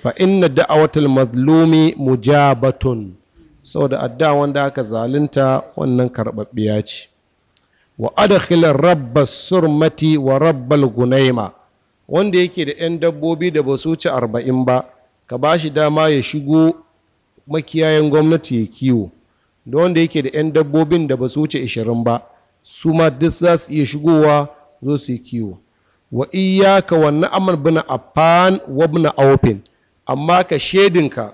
fa inna da'awatal mazlumi mujabatun da addu'a wanda aka zalunta wannan karɓaɓɓiya ce wa adkhil rabba surmati wa rabbal gunaima wanda yake da 'yan dabbobi da ba su ci arba'in ba ka ba shi dama ya shigo makiyayan gwamnati ya kiwo da wanda yake da 'yan dabbobin da ba su wuce 20 ba su ma duk za su iya shigowa zo su yi kiwo wa iyaka wa na'amar bina affan wa aufin amma ka shedinka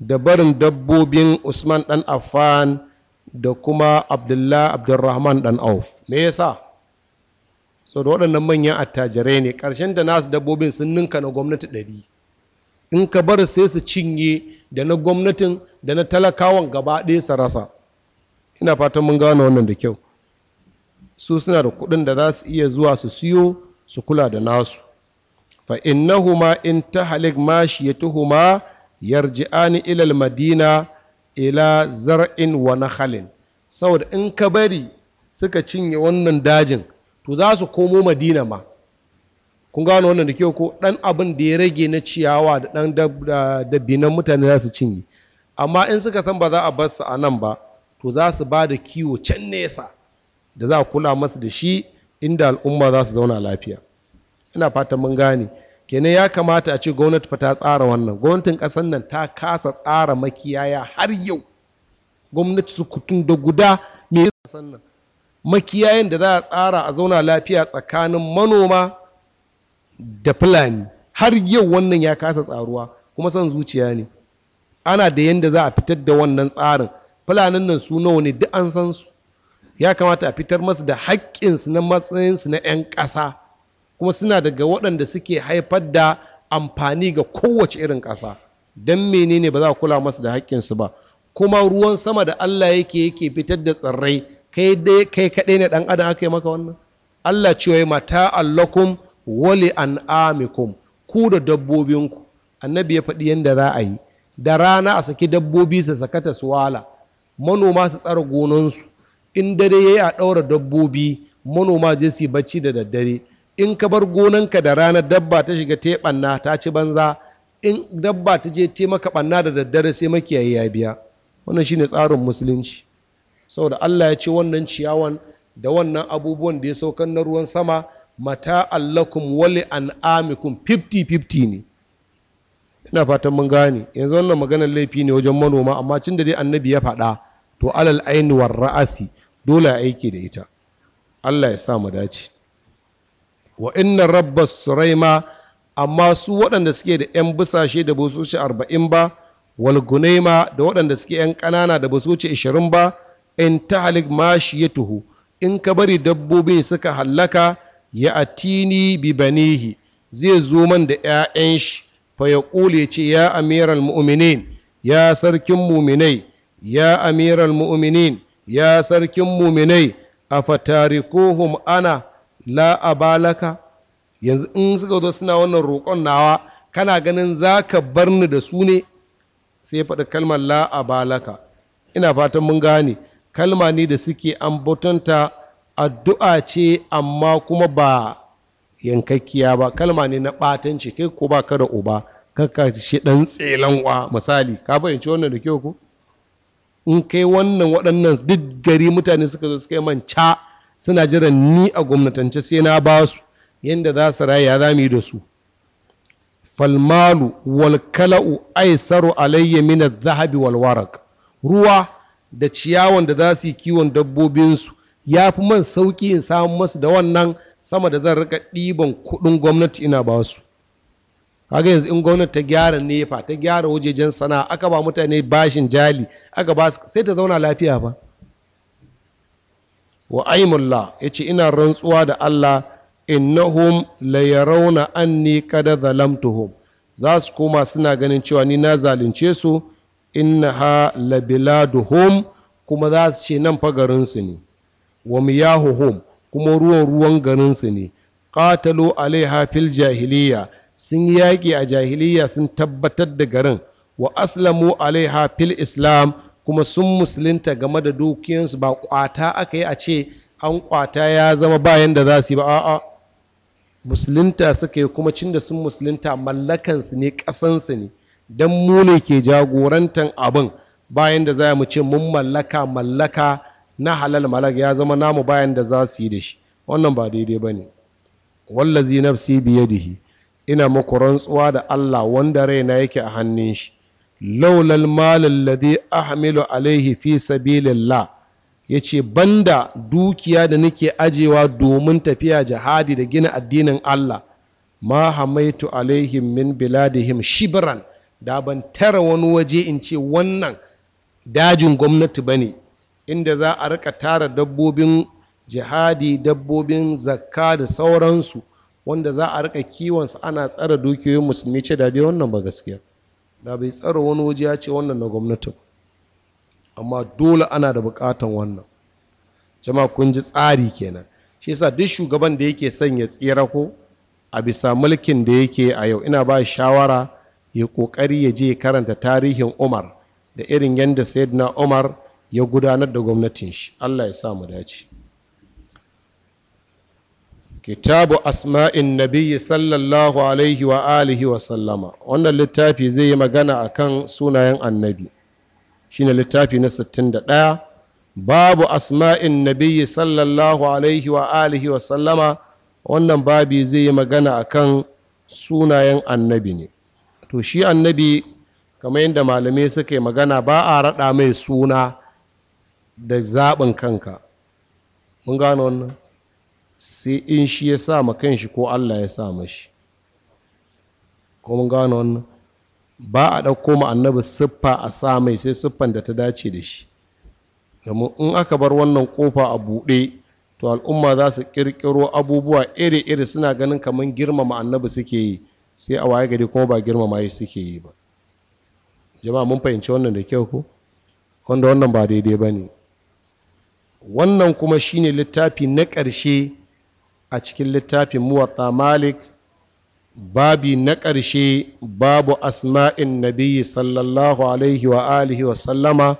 da barin dabbobin usman dan affan da kuma abdullah abdurrahman dan auf me yasa sau da waɗannan manyan attajirai ne ƙarshen da nasu dabbobin sun ninka na gwamnati ɗari in ka bar sai su cinye da na gwamnatin da na talakawan gaba ɗaya su rasa ina fatan mun gano wannan da kyau su suna da kuɗin da za su iya zuwa su siyo su kula da nasu fa innahuma in ta halik tahalik tuhuma yarji'ani ila ilal madina ila zar'in wa halin. saboda in ka bari suka cinye wannan dajin to za su komo madina ma kun gano wannan da kyau ko ɗan abin da ya rage na ciyawa da ɗan dabbinan mutane za su cinye amma in suka san ba za a bar a nan ba to za su ba da kiwo can nesa da za a kula masu da shi inda al'umma za su zauna lafiya ina fatan mun gane kenan ya kamata a ce gwamnati fa ta tsara wannan gwamnatin ƙasar nan ta kasa tsara makiyaya har yau gwamnati su kutun da guda mai ƙasar nan makiyayan da za a tsara a zauna lafiya tsakanin manoma da fulani har yau wannan ya kasa tsaruwa kuma son zuciya ne ana da yadda za a fitar da wannan tsarin fulanin nan su nawa ne duk an san su ya kamata a fitar masu da haƙƙinsu na matsayinsu na 'yan ƙasa kuma suna daga waɗanda suke haifar da amfani ga kowace irin ƙasa don menene ba za a kula masu da haƙƙinsu ba kuma ruwan sama da allah yake yake fitar da tsirrai kai kaɗai ne ɗan adam aka yi maka wannan allah cewa mata allakum wali an amikum ku da dabbobinku annabi ya faɗi yadda za a yi da rana a saki dabbobi su sakata su wala manoma su tsara gonansu in dare ya yi a ɗaura dabbobi manoma je su bacci da daddare in ka bar gonanka da rana dabba ta shiga ta ta ci banza in dabba ta je ta maka ɓanna da daddare sai makiyayi ya biya wannan shine tsarin musulunci saboda allah ya ce wannan ciyawan da wannan abubuwan da ya saukan na ruwan sama mata allakum wali an amikum 50-50 ne ina fatan mun gane yanzu wannan maganar laifi ne wajen manoma amma cin da dai annabi ya faɗa to alal ainihin ra'asi dole aiki da ita allah ya sa mu dace wa inna rabbas suraima amma su waɗanda suke da 'yan busashe da ba 40 ba wal gunaima da waɗanda suke 'yan ƙanana da ba su 20 ba in halik mashi ya tuhu in ka bari dabbobi suka hallaka ya atini bi banihi zai zo man da 'ya'yan shi fa ya ƙule ce ya amiral mu'minin ya sarkin muminai ya amiral mu'minin ya sarkin muminai a fatarikohum ana la abalaka yanzu in suka zo suna wannan roƙon nawa kana ganin za ka bar ni da su ne sai faɗi kalmar la abalaka ina fatan mun gane kalma ne da suke ambatanta addu'a ce amma kuma ba yankakkiya ba kalma ne na ɓatanci kai ko ba ka da uba kakka shi ɗan wa. misali ka fahimci wannan da kyau ko in kai wannan waɗannan duk gari mutane suka zo suka yi manca suna jiran ni a gwamnatance sai na ba su yadda za su raya za mu yi da su falmalu walkala'u aisaru alayya min zahabi walwarak ruwa da ciyawan da za su yi kiwon dabbobinsu ya fi man sauƙi in samu masu da wannan sama da zan rika ɗiban kuɗin gwamnati ina ba su kaga yanzu in gwamnati ta gyara nefa ta gyara wajejen sana'a aka ba mutane bashin jali aka ba su sai ta zauna lafiya ba wa aimullah ya ce ina rantsuwa da allah innahum la yarawna anni kada zalamtuhum za su koma suna ganin cewa ni na zalunce su innaha la biladuhum kuma za su ce nan fa garinsu ne wa miyahuhum kuma ruwan ruwan garinsu ne ƙatalo alaiha fil jahiliya sun yi yaƙi a jahiliya sun tabbatar da garin wa aslamu alaiha fil islam kuma sun musulunta game da dukiyansu ba kwata aka yi a ce an kwata ya zama bayan da za su yi ba a'a musulunta suka yi kuma cin da sun musulunta mallakansu ne ƙasansu ne don mu ne ke jagorantar abin bayan da za mu ce mun mallaka mallaka na halal malak ya zama namu bayan da za su yi da shi wannan ba daidai ba ne wallazi nafsi biyadihi ina muku rantsuwa da Allah wanda raina yake a hannun shi laulal malal ladhi ahmilu alaihi fi sabilillah yace banda dukiya da nake ajewa domin tafiya jihadi da gina addinin Allah ma hamaitu alaihim min biladihim shibran da ban tara wani waje in ce wannan dajin gwamnati ba ne. inda za a rika tara dabbobin jihadi dabbobin zakka da sauransu wanda za a rika kiwonsu ana tsara dukiyoyin musulmi ce da dai wannan ba gaskiya da bai tsara wani waje ya ce wannan na gwamnatin amma dole ana da bukatan wannan jama'a kun ji tsari kenan shi yasa duk shugaban da yake son ya tsira ko a bisa mulkin da yake a yau ina ba shawara ya kokari ya je karanta tarihin umar da irin yadda sayyidina umar ya gudanar da gwamnatin shi allah ya sa mu dace kitabu asma'in nabiyyi sallallahu alaihi wa alihi wa sallama wannan littafi zai yi magana akan sunayen annabi shine littafi na 61 babu asma'in nabiyyi sallallahu alaihi wa alihi wa sallama wannan babi zai yi magana akan sunayen annabi ne to shi annabi kamar yadda malamai suka yi magana ba a raɗa mai suna da zaɓin kanka mun gano wannan sai in shi ya sa ma kanshi ko allah ya sa mashi ko mun gano wannan ba a ɗauko ma annabi siffa a sa mai sai siffan da ta dace da shi domin in aka bar wannan kofa a buɗe to al'umma za su ƙirƙiro abubuwa iri-iri suna ganin kamar girmama annabi suke yi sai a waye gari kuma ba girmama yi suke yi ba jama'a mun fahimci wannan da kyau ko wanda wannan ba daidai ba ne wannan kuma shine littafi na ƙarshe a cikin littafin muwatta malik babi na ƙarshe babu asma'in nabiyyi sallallahu alaihi wa alihi wa sallama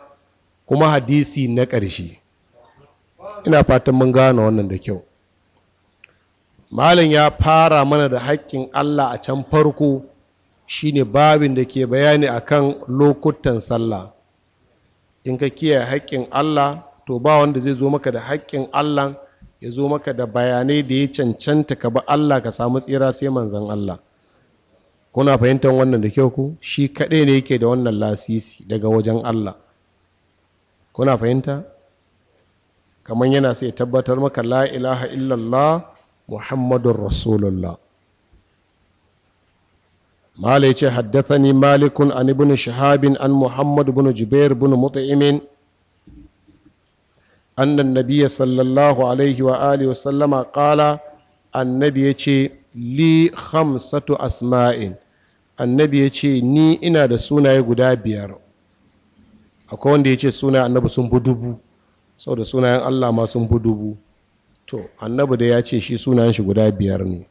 kuma hadisi na ƙarshe ina fatan mun gane wannan da kyau malam ya fara mana da haƙƙin allah a can farko shine babin da ke bayani akan lokutan sallah in ka kiyaye haƙƙin allah to ba wanda zai zo maka da haƙƙin allah ya zo maka da bayanai da ya cancanta ka ba allah ka samu tsira sai manzan allah kuna fahimtar wannan da kyau ku shi kaɗai ne yake da wannan lasisi daga wajen allah kuna fahimta kamar yana sai tabbatar maka la ilaha illallah muhammadun rasulullah malai ce haddathani malikun an ibn shahabin an muhammad ibn jubair ibn mut'imin annan nabiya sallallahu alaihi wa alihi wasallama kala annabi ya ce li hamsatu asma'in annabi ya ce ni ina da sunaye guda biyar akwai wanda ya ce sunayen annabi sun fi dubu sau da sunayen allah ma sun fi dubu to annabi da ya ce shi sunayen shi guda biyar ne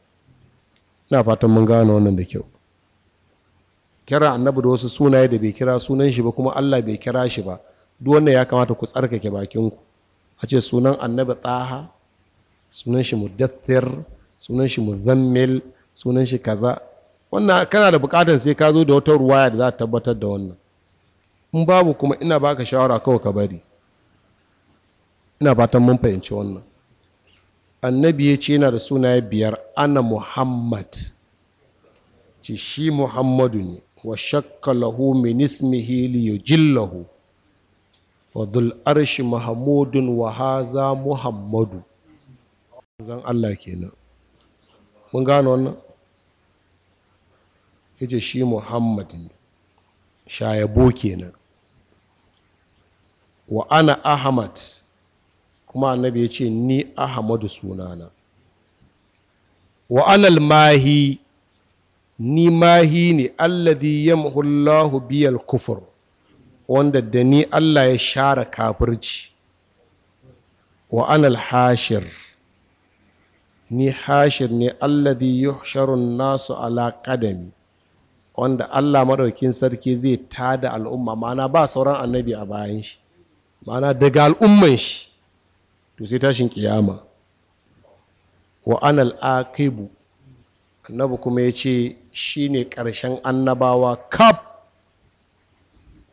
na fatan mun gano wannan da kyau kira annabi da wasu sunaye da bai kira sunan shi ba kuma allah bai kira shi ba duk wannan ya kamata ku tsarkake bakinku a ce sunan annabi tsaha sunan shi mudattir, sunan shi muzammil sunan shi kaza wannan kana da bukatar sai ka zo da wata ruwaya da za ta tabbatar da wannan in babu kuma ina baka shawara kawai ka bari ina fatan mun fahimci wannan annabi ya ce yana da sunaye biyar ana muhammad ce shi muhammadu ne wa shakka lahu min ismihi li yujillahu fadul arshi mahamudun wa haza muhammadu zan Allah kenan mun gano wannan yace shi muhammad ne shayabo kenan wa ana ahmad kuma annabi ya ce ni ahmadu sunana wa mahi ni mahi ne alladhi yamhu Allahu biyal kufur wanda da ni Allah ya share kafirci wa anal hashir ni hashir ne yi yuhsharun nasu ala kadami wanda Allah madaukin sarki zai tada al'umma mana ba sauran annabi a bayan shi mana daga al'umman shi to sai tashin kiyama wa anal akibu annabi kuma ya ce shine karshen annabawa kaf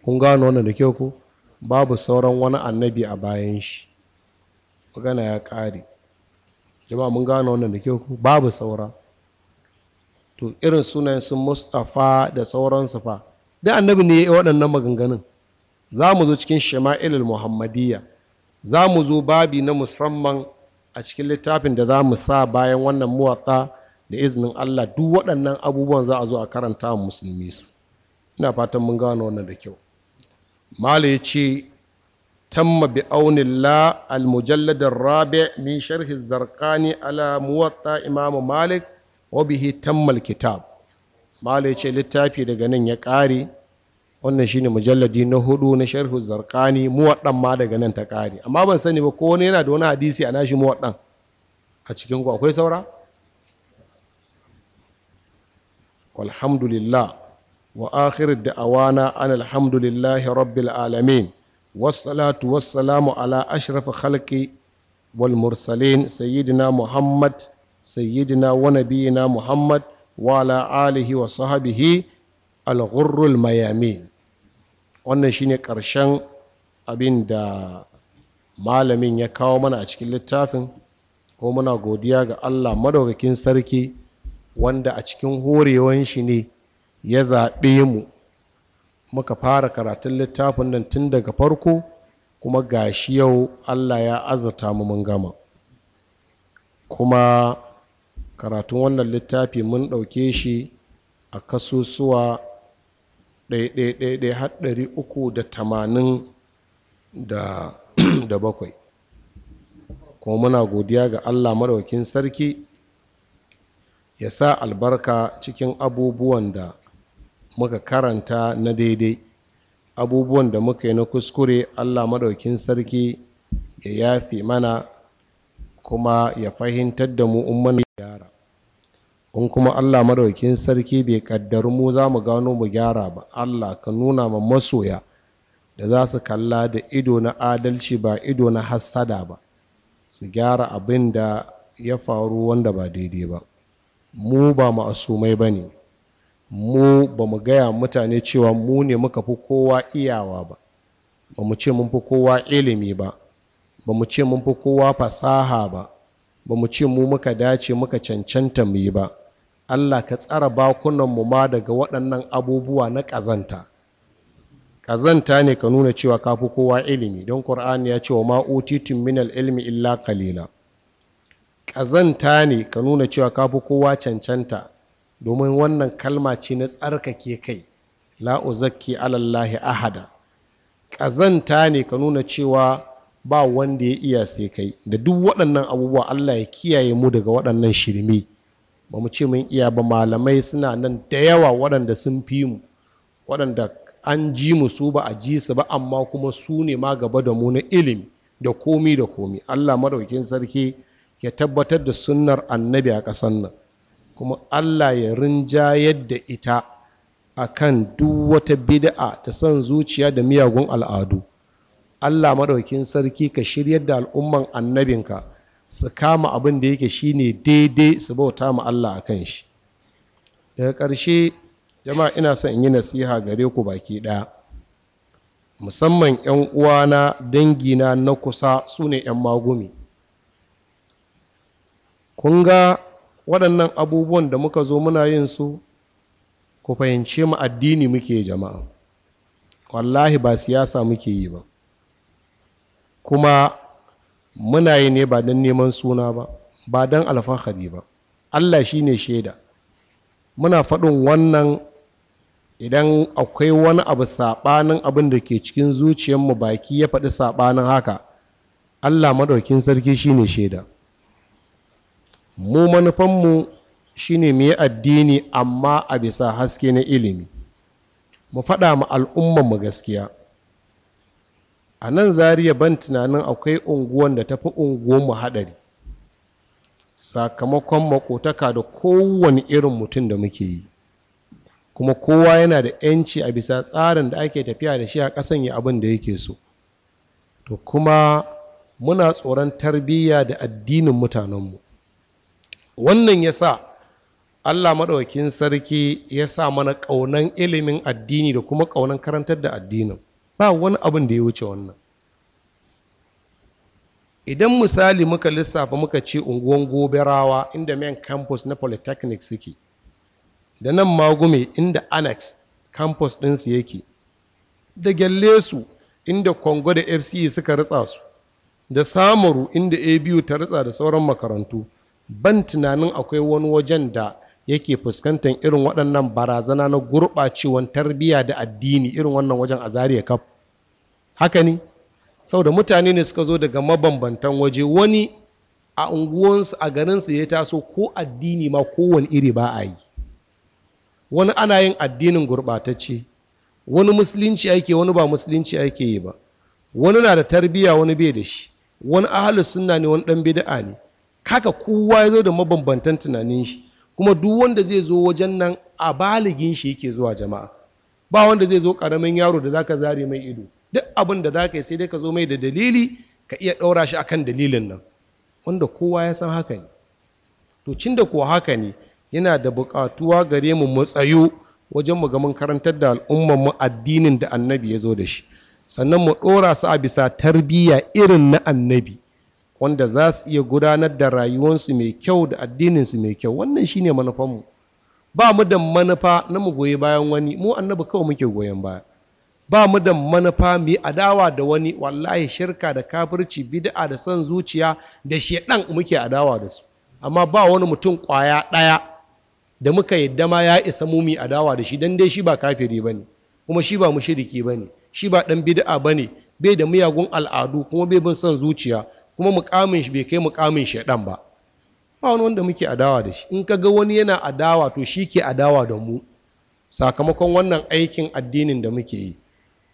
kun gano wannan da kyau ku babu sauran wani annabi a bayan shi magana ya ƙare jama'a mun gano wannan da kyau ku babu saura to irin sunayen sun mustafa da sauransu fa da annabi ne ya yi waɗannan maganganun za mu zo cikin shema'ilul muhammadiyya za mu zo babi na musamman a cikin littafin da za mu sa bayan wannan muwatsa da izinin allah duk waɗannan abubuwan za a zo a karanta musulmi su ina fatan mun gano wannan da kyau mala ya ce tamma bi aunin la almujalladar rabe min sharhi zarkani ala muwatta imamu malik wa bihi tammal kitab mala ya ce littafi daga nan ya ƙare wannan shine mujalladi na hudu na sharhu zarkani muwaddan ma daga nan ta ƙare amma ban sani ba ko wani yana da wani hadisi a nashi muwaddan a cikin ku akwai saura alhamdulillah. wa akhirar da'awana an alhamdulillahi rabbil alamin wassalatu wassalamu ala ashrafa khalqi wal mursalin sayyidina muhammad sayyidina wa nabiyina muhammad wa ala alihi wa sahabihi al-ghurrul mayamin wannan shine karshen abin da malamin ya kawo mana a cikin littafin ko muna godiya ga Allah madaukakin sarki wanda a cikin horewan shi ne ya zaɓe mu muka fara karatun littafin nan tun daga farko kuma ga shi yau allah ya azata mu mun gama kuma karatun wannan littafi mun ɗauke shi a kasusuwa ɗaiɗaiɗaiɗai uku da tamanin da bakwai kuma muna godiya ga allah maɗaukin sarki ya sa albarka cikin abubuwan da muka karanta na daidai abubuwan da muka yi na kuskure allah maɗaukin sarki ya yafe mana kuma ya fahimtar da mu umman gyara in kuma allah maɗaukin sarki bai ƙaddar mu za mu gano mu gyara ba allah ka nuna ma masoya da za su kalla da ido na adalci ba ido na hassada ba su gyara abin da ya faru wanda ba daidai ba mu ba ma'asumai ba ne mu ba mu gaya mutane cewa mu ne muka fi kowa iyawa ba ba mu ce mun fi kowa ilimi ba ba mu ce mun fi kowa fasaha ba ba mu ce mu muka dace muka cancanta mu yi ba allah ka tsara bakunan mu ma daga waɗannan abubuwa na ƙazanta ƙazanta ne ka nuna cewa ka fi kowa ilimi don ƙur'ani ya ce wa ma'utitun min ilmi illa kalila ƙazanta ne ka nuna cewa ka fi kowa cancanta domin wannan kalma ce na tsarkake kai la zaki alallahi ahada ƙazanta ne ka nuna cewa ba wanda ya iya sai kai da duk waɗannan abubuwa Allah ya kiyaye mu daga waɗannan shirme ba mu ce mun iya ba malamai suna nan da yawa waɗanda sun fi mu waɗanda an ji mu su ba a ji su ba amma kuma su ne ma gaba da mu na ilimi da komi da komi Allah madaukin sarki ya tabbatar da sunnar annabi a ƙasar nan kuma allah ya rinjayar da ita a kan duk wata bid'a da son zuciya da miyagun al'adu allah maɗaukin sarki ka shiryar da al'umman annabinka su kama abin da yake shi ne daidai su bauta ma allah a kan shi daga ƙarshe jama'a ina son in yi nasiha gare ku baki ɗaya musamman 'yan uwana dangina na kusa su ne 'yan magumi kunga waɗannan abubuwan da muka zo muna yin su ku fahimce mu addini muke jama'a wallahi ba siyasa muke yi ba kuma muna yi ne ba don neman suna ba ba don alfahari ba allah shi ne shaida muna faɗin wannan idan akwai wani abu saɓanin abin da ke cikin zuciyarmu baki ya faɗi saɓanin haka allah maɗaukin sarki shi ne shaida mu manufanmu shine mu yi addini amma a bisa haske na ilimi mu faɗa ma al'ummanmu gaskiya a nan zariya ban tunanin akwai unguwan da tafi unguwanmu haɗari sakamakon makotaka da kowane irin mutum da muke yi kuma kowa yana da 'yanci a bisa tsarin da ake tafiya da shi a ƙasan ya abin da yake so to kuma muna tsoron tarbiyya da addinin mutanenmu wannan ya sa allah maɗaukin sarki ya sa mana ƙaunan ilimin addini da kuma ƙaunan karantar da addinin ba wani abin da ya wuce wannan idan misali muka lissafa muka ce unguwan goberawa inda main campus na polytechnic suke da nan magume inda annex campus ɗinsu yake da gyalle su inda kwango da fce suka ritsa su da samaru inda abu ta ritsa da sauran makarantu ban tunanin akwai wani wajen da yake fuskantar irin waɗannan barazana na gurɓacewan tarbiyya da addini irin wannan wajen a zariya kaf haka ne saboda mutane ne suka zo daga mabambantan waje wani a unguwansu a garinsu ya taso ko addini ma kowane iri ba a yi wani ana yin addinin gurɓatacce wani musulunci ake wani ba musulunci ake yi ba wani na da tarbiyya wani bai da shi wani ahalus sunna ne wani ɗan bida'a ne kaka kowa ya zo da mabambantan tunanin shi kuma duk wanda zai zo wajen nan a baligin shi yake zuwa jama'a ba wanda zai zo karamin yaro da zaka zare mai ido duk abin da zaka yi sai dai ka zo mai da dalili ka iya ɗaura shi akan dalilin nan wanda kowa ya san haka ne to cin da ko haka ne yana da buƙatuwa gare mu mu tsayo wajen mu ga mun karantar da al'ummar mu addinin da annabi ya zo da shi sannan mu ɗora su a bisa tarbiyya irin na annabi wanda za su iya gudanar da rayuwarsu mai kyau da addininsu mai kyau wannan shine manufanmu ba mu da manufa na mu goyi bayan wani mu annabi kawai muke goyon baya ba mu da manufa mu adawa da wani wallahi shirka da kafirci bid'a da son zuciya da shedan muke adawa da su amma ba wani mutum kwaya ɗaya da muka yi dama ya isa mu mu adawa da shi dan dai shi ba kafiri bane kuma shi ba mushriki bane shi ba dan bid'a bane bai da miyagun al'adu kuma bai bin son zuciya kuma mukamin shi bai kai mukamin shaidan ba ba wani wanda muke adawa da shi in ka ga wani yana adawa to shi ke adawa da mu sakamakon wannan aikin addinin da muke yi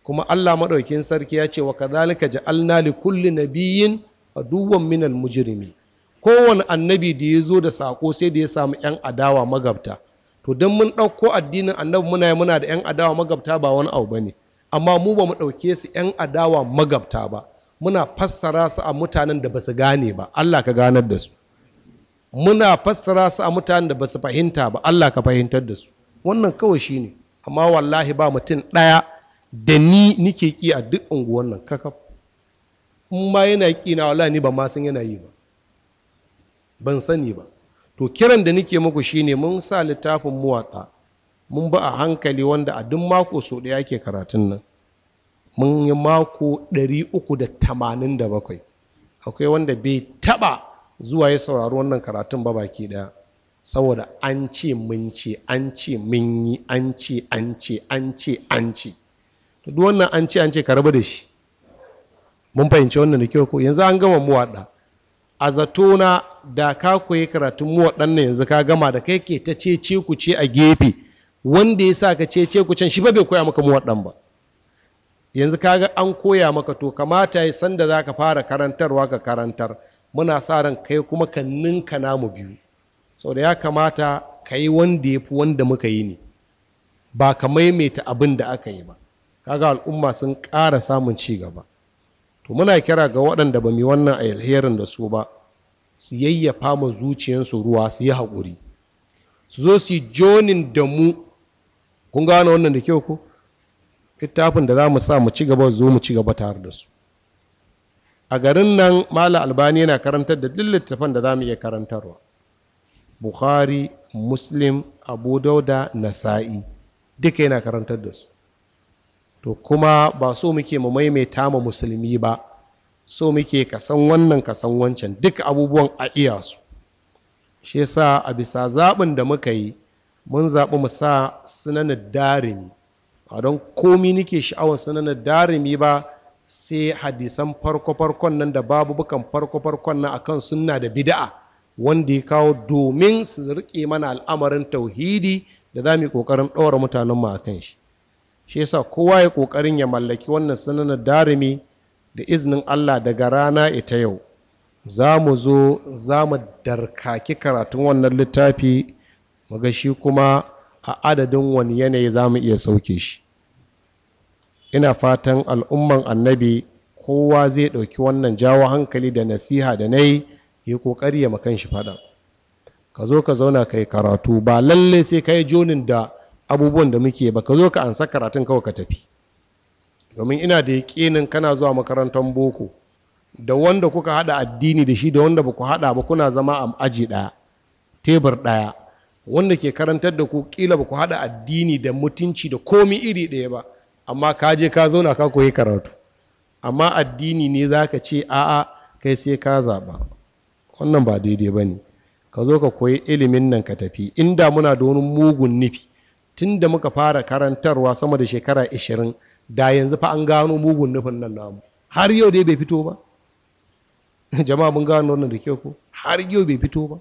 kuma Allah maɗaukin sarki ya ce wa kadhalika ja'alna li kulli nabiyyin aduwwan al mujrimi kowane annabi da ya zo da sako sai da ya samu yan adawa magabta to don mun ɗauko addinin annabi muna yi muna da yan adawa magabta ba wani abu bane amma mu ba mu ɗauke su yan adawa magabta ba muna fassara su a mutanen da ba su gane ba Allah ka ganar da su muna fassara su a mutanen da ba su fahimta ba Allah ka fahimtar da su wannan kawai shi ne amma wallahi ba mutum ɗaya da ni nike ki a duk unguwan nan kakaf in ma yana ki na wallahi ni ba ma san yana yi ba ban sani ba to kiran da nike muku ne mun sa littafin muwatsa mun ba a hankali wanda a duk mako so ɗaya ke karatun nan mun yi mako 387 akwai wanda bai taba zuwa ya saurari wannan karatun ba baki daya saboda an ce mun ce an ce mun yi an ce an ce an ce an ce duk wannan an ce an ce ka rabu da shi mun fahimci wannan da kyau ko yanzu an gama muwaɗa a zatona da ka koyi karatun muwaɗan nan yanzu ka gama da kai ke ta ce-ce ku ce a gefe wanda ya sa ka ce-ce ku can shi ba bai koya maka muwaɗan ba yanzu kaga an koya maka to kamata ya sanda za ka fara karantarwa ka karantar muna sa ran kai kuma ka ninka namu biyu sau da ya kamata ka yi wanda ya fi wanda muka yi ne ba ka maimaita abin da aka yi ba kaga al'umma sun ƙara samun ci gaba to muna kira ga waɗanda ba mu wannan a alherin da su ba su yayyafa ma zuciyarsu ruwa su yi haƙuri su zo su yi jonin da mu kun gane wannan da kyau ko littafin da za mu sa mu ci gaba zo mu ci gaba tare da su a garin nan mala albani yana karantar da duk littafan da za mu iya karantarwa bukhari muslim abu dauda nasa'i duka yana karantar da su to kuma ba so muke mu maimaita ma musulmi ba so muke kasan wannan kasan wancan duk abubuwan a iya su shi yasa a bisa zaɓin da muka yi mun zaɓi mu sa sunanin darimi ba don komi nike sha'awar sananar darimi ba sai hadisan farko-farkon nan da babu bukan farko-farkon nan akan sunna da bida'a wanda ya kawo domin su riƙe mana al'amarin tauhidi da za mu yi ƙoƙarin ɗora mutanenmu a kan shi shi yasa kowa ya ƙoƙarin ya mallaki wannan sananar darimi da iznin allah daga rana ita yau za mu zo za mu darkaki karatun wannan littafi mu ga shi kuma a adadin wani yanayi za mu iya sauke shi ina fatan al'umman annabi kowa zai ɗauki wannan jawo hankali da nasiha da na yi ya ƙoƙari ya makan shi faɗa ka zo ka zauna ka yi karatu ba lalle sai ka yi jonin da abubuwan da muke ba ka zo ka ansa karatun kawai ka tafi domin ina da yaƙinin kana zuwa makarantar boko da wanda kuka haɗa addini da shi da wanda ba ku haɗa ba kuna zama a aji ɗaya tebur ɗaya wanda ke karantar da ku kila ba ku haɗa addini da mutunci da komi iri ɗaya ba amma ka je ka zauna ka koyi karatu amma addini ne za ka ce a'a kai sai ka zaɓa wannan ba daidai ba ne ka zo ka koyi ilimin nan ka tafi inda muna da wani mugun nufi tun da muka fara karantarwa sama da shekara 20 da yanzu fa an gano mugun nufin nan namu har yau dai bai fito ba jama'a mun gano wannan da kyau ko har yau bai fito ba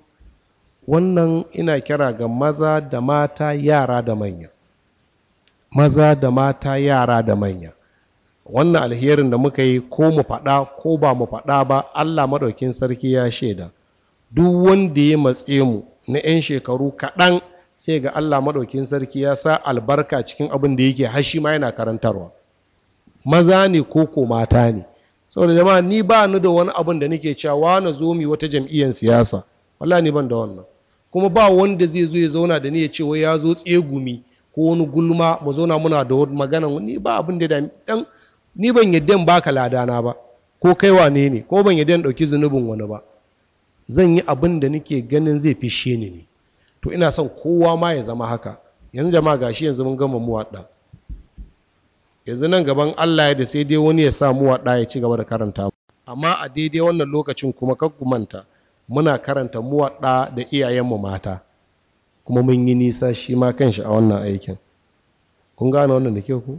wannan ina kira ga maza da mata yara da manya maza da mata yara da manya wannan alherin da muka yi ko mu faɗa ko ba mu faɗa ba allah maɗaukin sarki ya shaida duk wanda ya matse mu na 'yan shekaru kaɗan sai ga allah maɗaukin sarki ya sa albarka cikin abin da yake hashi ma yana karantarwa maza ne ko ko mata ne saboda jama'a ni ba ni da wani abin da nake cewa na zo mi wata jam'iyyar siyasa wala ni ban da wannan kuma ba wanda zai zo ya zauna da ni ya ce wai ya zo tsegumi ko wani gulma mu zauna muna da magana ni ba abin da dan ni ban yadda in baka ladana ba ko kai wane ne ko ban yadda in ɗauki zunubin wani ba zan yi abin da nake ganin zai fishe ni ne to ina son kowa ma ya zama haka yanzu jama'a gashi yanzu mun gama ɗa yanzu nan gaban Allah ya da sai dai wani ya sa muwaɗa ya ci gaba da karanta amma a daidai wannan lokacin kuma kar manta muna karanta muwaɗa da iyayenmu mata kuma mun yi nisa shi ma kanshi a wannan aikin kun gane wannan da ke ku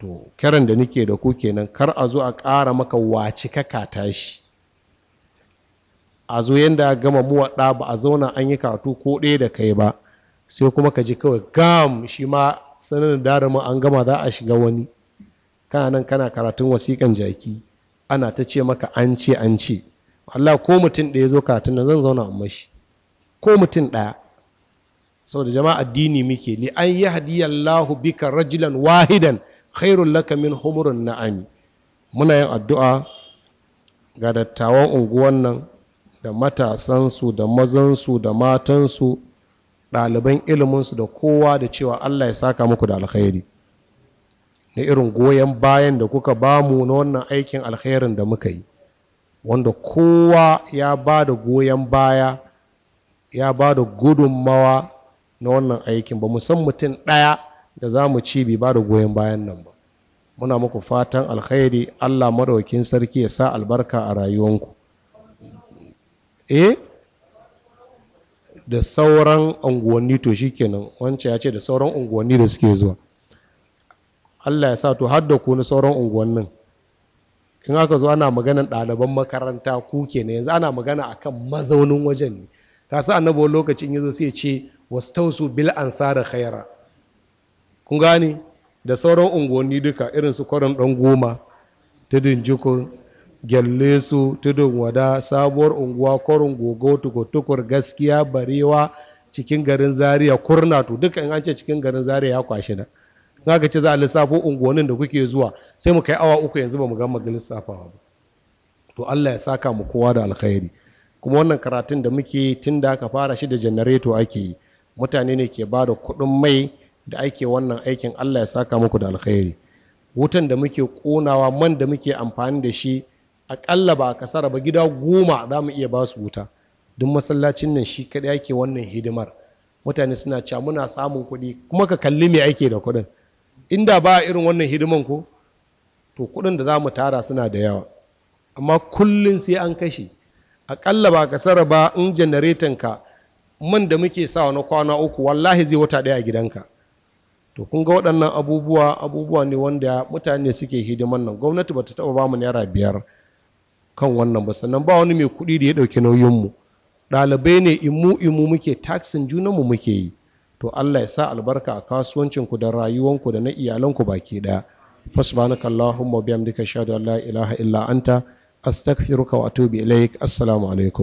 to kiran da nake da ku kenan kar a zo a ƙara maka waci ka tashi a zo yadda gama muwaɗa ba a zauna an yi karatu ko ɗaya da kai ba sai kuma ka ji kawai gam shi ma sanin da an gama za a shiga wani kana nan kana karatun wasikan jaki ana ta ce maka an ce an ce Allah ko mutum ɗaya zo karatun nan zan zauna amma shi ko mutum ɗaya saboda jama'a addini muke li an yi hadiyallahu bika rajilan wahidan khairul lakamin min humurun na'ami muna yin addu'a ga dattawan unguwan nan da matasansu da mazansu da matansu ɗaliban iliminsu da kowa da cewa Allah ya saka muku da alkhairi na irin goyon bayan da kuka bamu na wannan aikin alkhairin da muka yi wanda kowa ya ba da goyon baya ya ba da gudunmawa na wannan aikin ba musan mutum ɗaya da za mu ci bai ba da goyon bayan nan ba muna muku fatan alkhairi allah maɗaukin sarki ya sa albarka a rayuwanku eh da sauran unguwanni to kenan wance ya ce da sauran unguwanni da suke zuwa allah ya sa to har da ku na sauran unguwannin in aka zo ana maganan ɗaliban makaranta ku kenan yanzu ana magana akan mazaunin wajen ne ka sa annabi wani lokaci in yazo sai ya ce tausu bil ansara khaira kun gane da sauran unguwanni duka irin su kwarin ɗan goma tudun jikun gyalle su tudun wada sabuwar unguwa kwarin gogo tukur gaskiya barewa cikin garin zaria kurna to duka in an ce cikin garin zaria ya kwashi da za ka ce za a lissafo unguwannin da kuke zuwa sai mu kai awa uku yanzu ba mu gama lissafawa ba to allah ya saka mu kowa da alkhairi kuma wannan karatun da muke tun da aka fara shi da janareto ake yi mutane ne ke bada da kuɗin mai da ake wannan aikin allah ya saka muku da alkhairi wutan da muke ƙonawa man da muke amfani da shi aƙalla ba a kasara ba gida goma za mu iya basu su wuta duk masallacin nan shi kaɗai ake wannan hidimar mutane suna cewa muna samun kuɗi kuma ka kalli me ake da kuɗin inda ba irin wannan hidiman ko to kuɗin da za mu tara suna da yawa amma kullum sai an kashe aƙalla ba ka sarra ba in janaretan ka man da muke sawa na kwana uku wallahi zai wata ɗaya a gidanka to kun ga waɗannan abubuwa abubuwa ne wanda mutane suke hidiman nan gwamnati ba ta taɓa ba mu naira biyar kan wannan ba sannan ba wani mai kuɗi da ya ɗauki nauyinmu ɗalibai ne imu imu muke taksin junanmu muke yi to Allah ya sa albarka a kasuwancinku da rayuwanku da na iyalanku baki ɗaya fasbanaka Allahumma bihamdika shahadu an la ilaha illa anta astaghfiruka wa atubu ilaik assalamu alaikum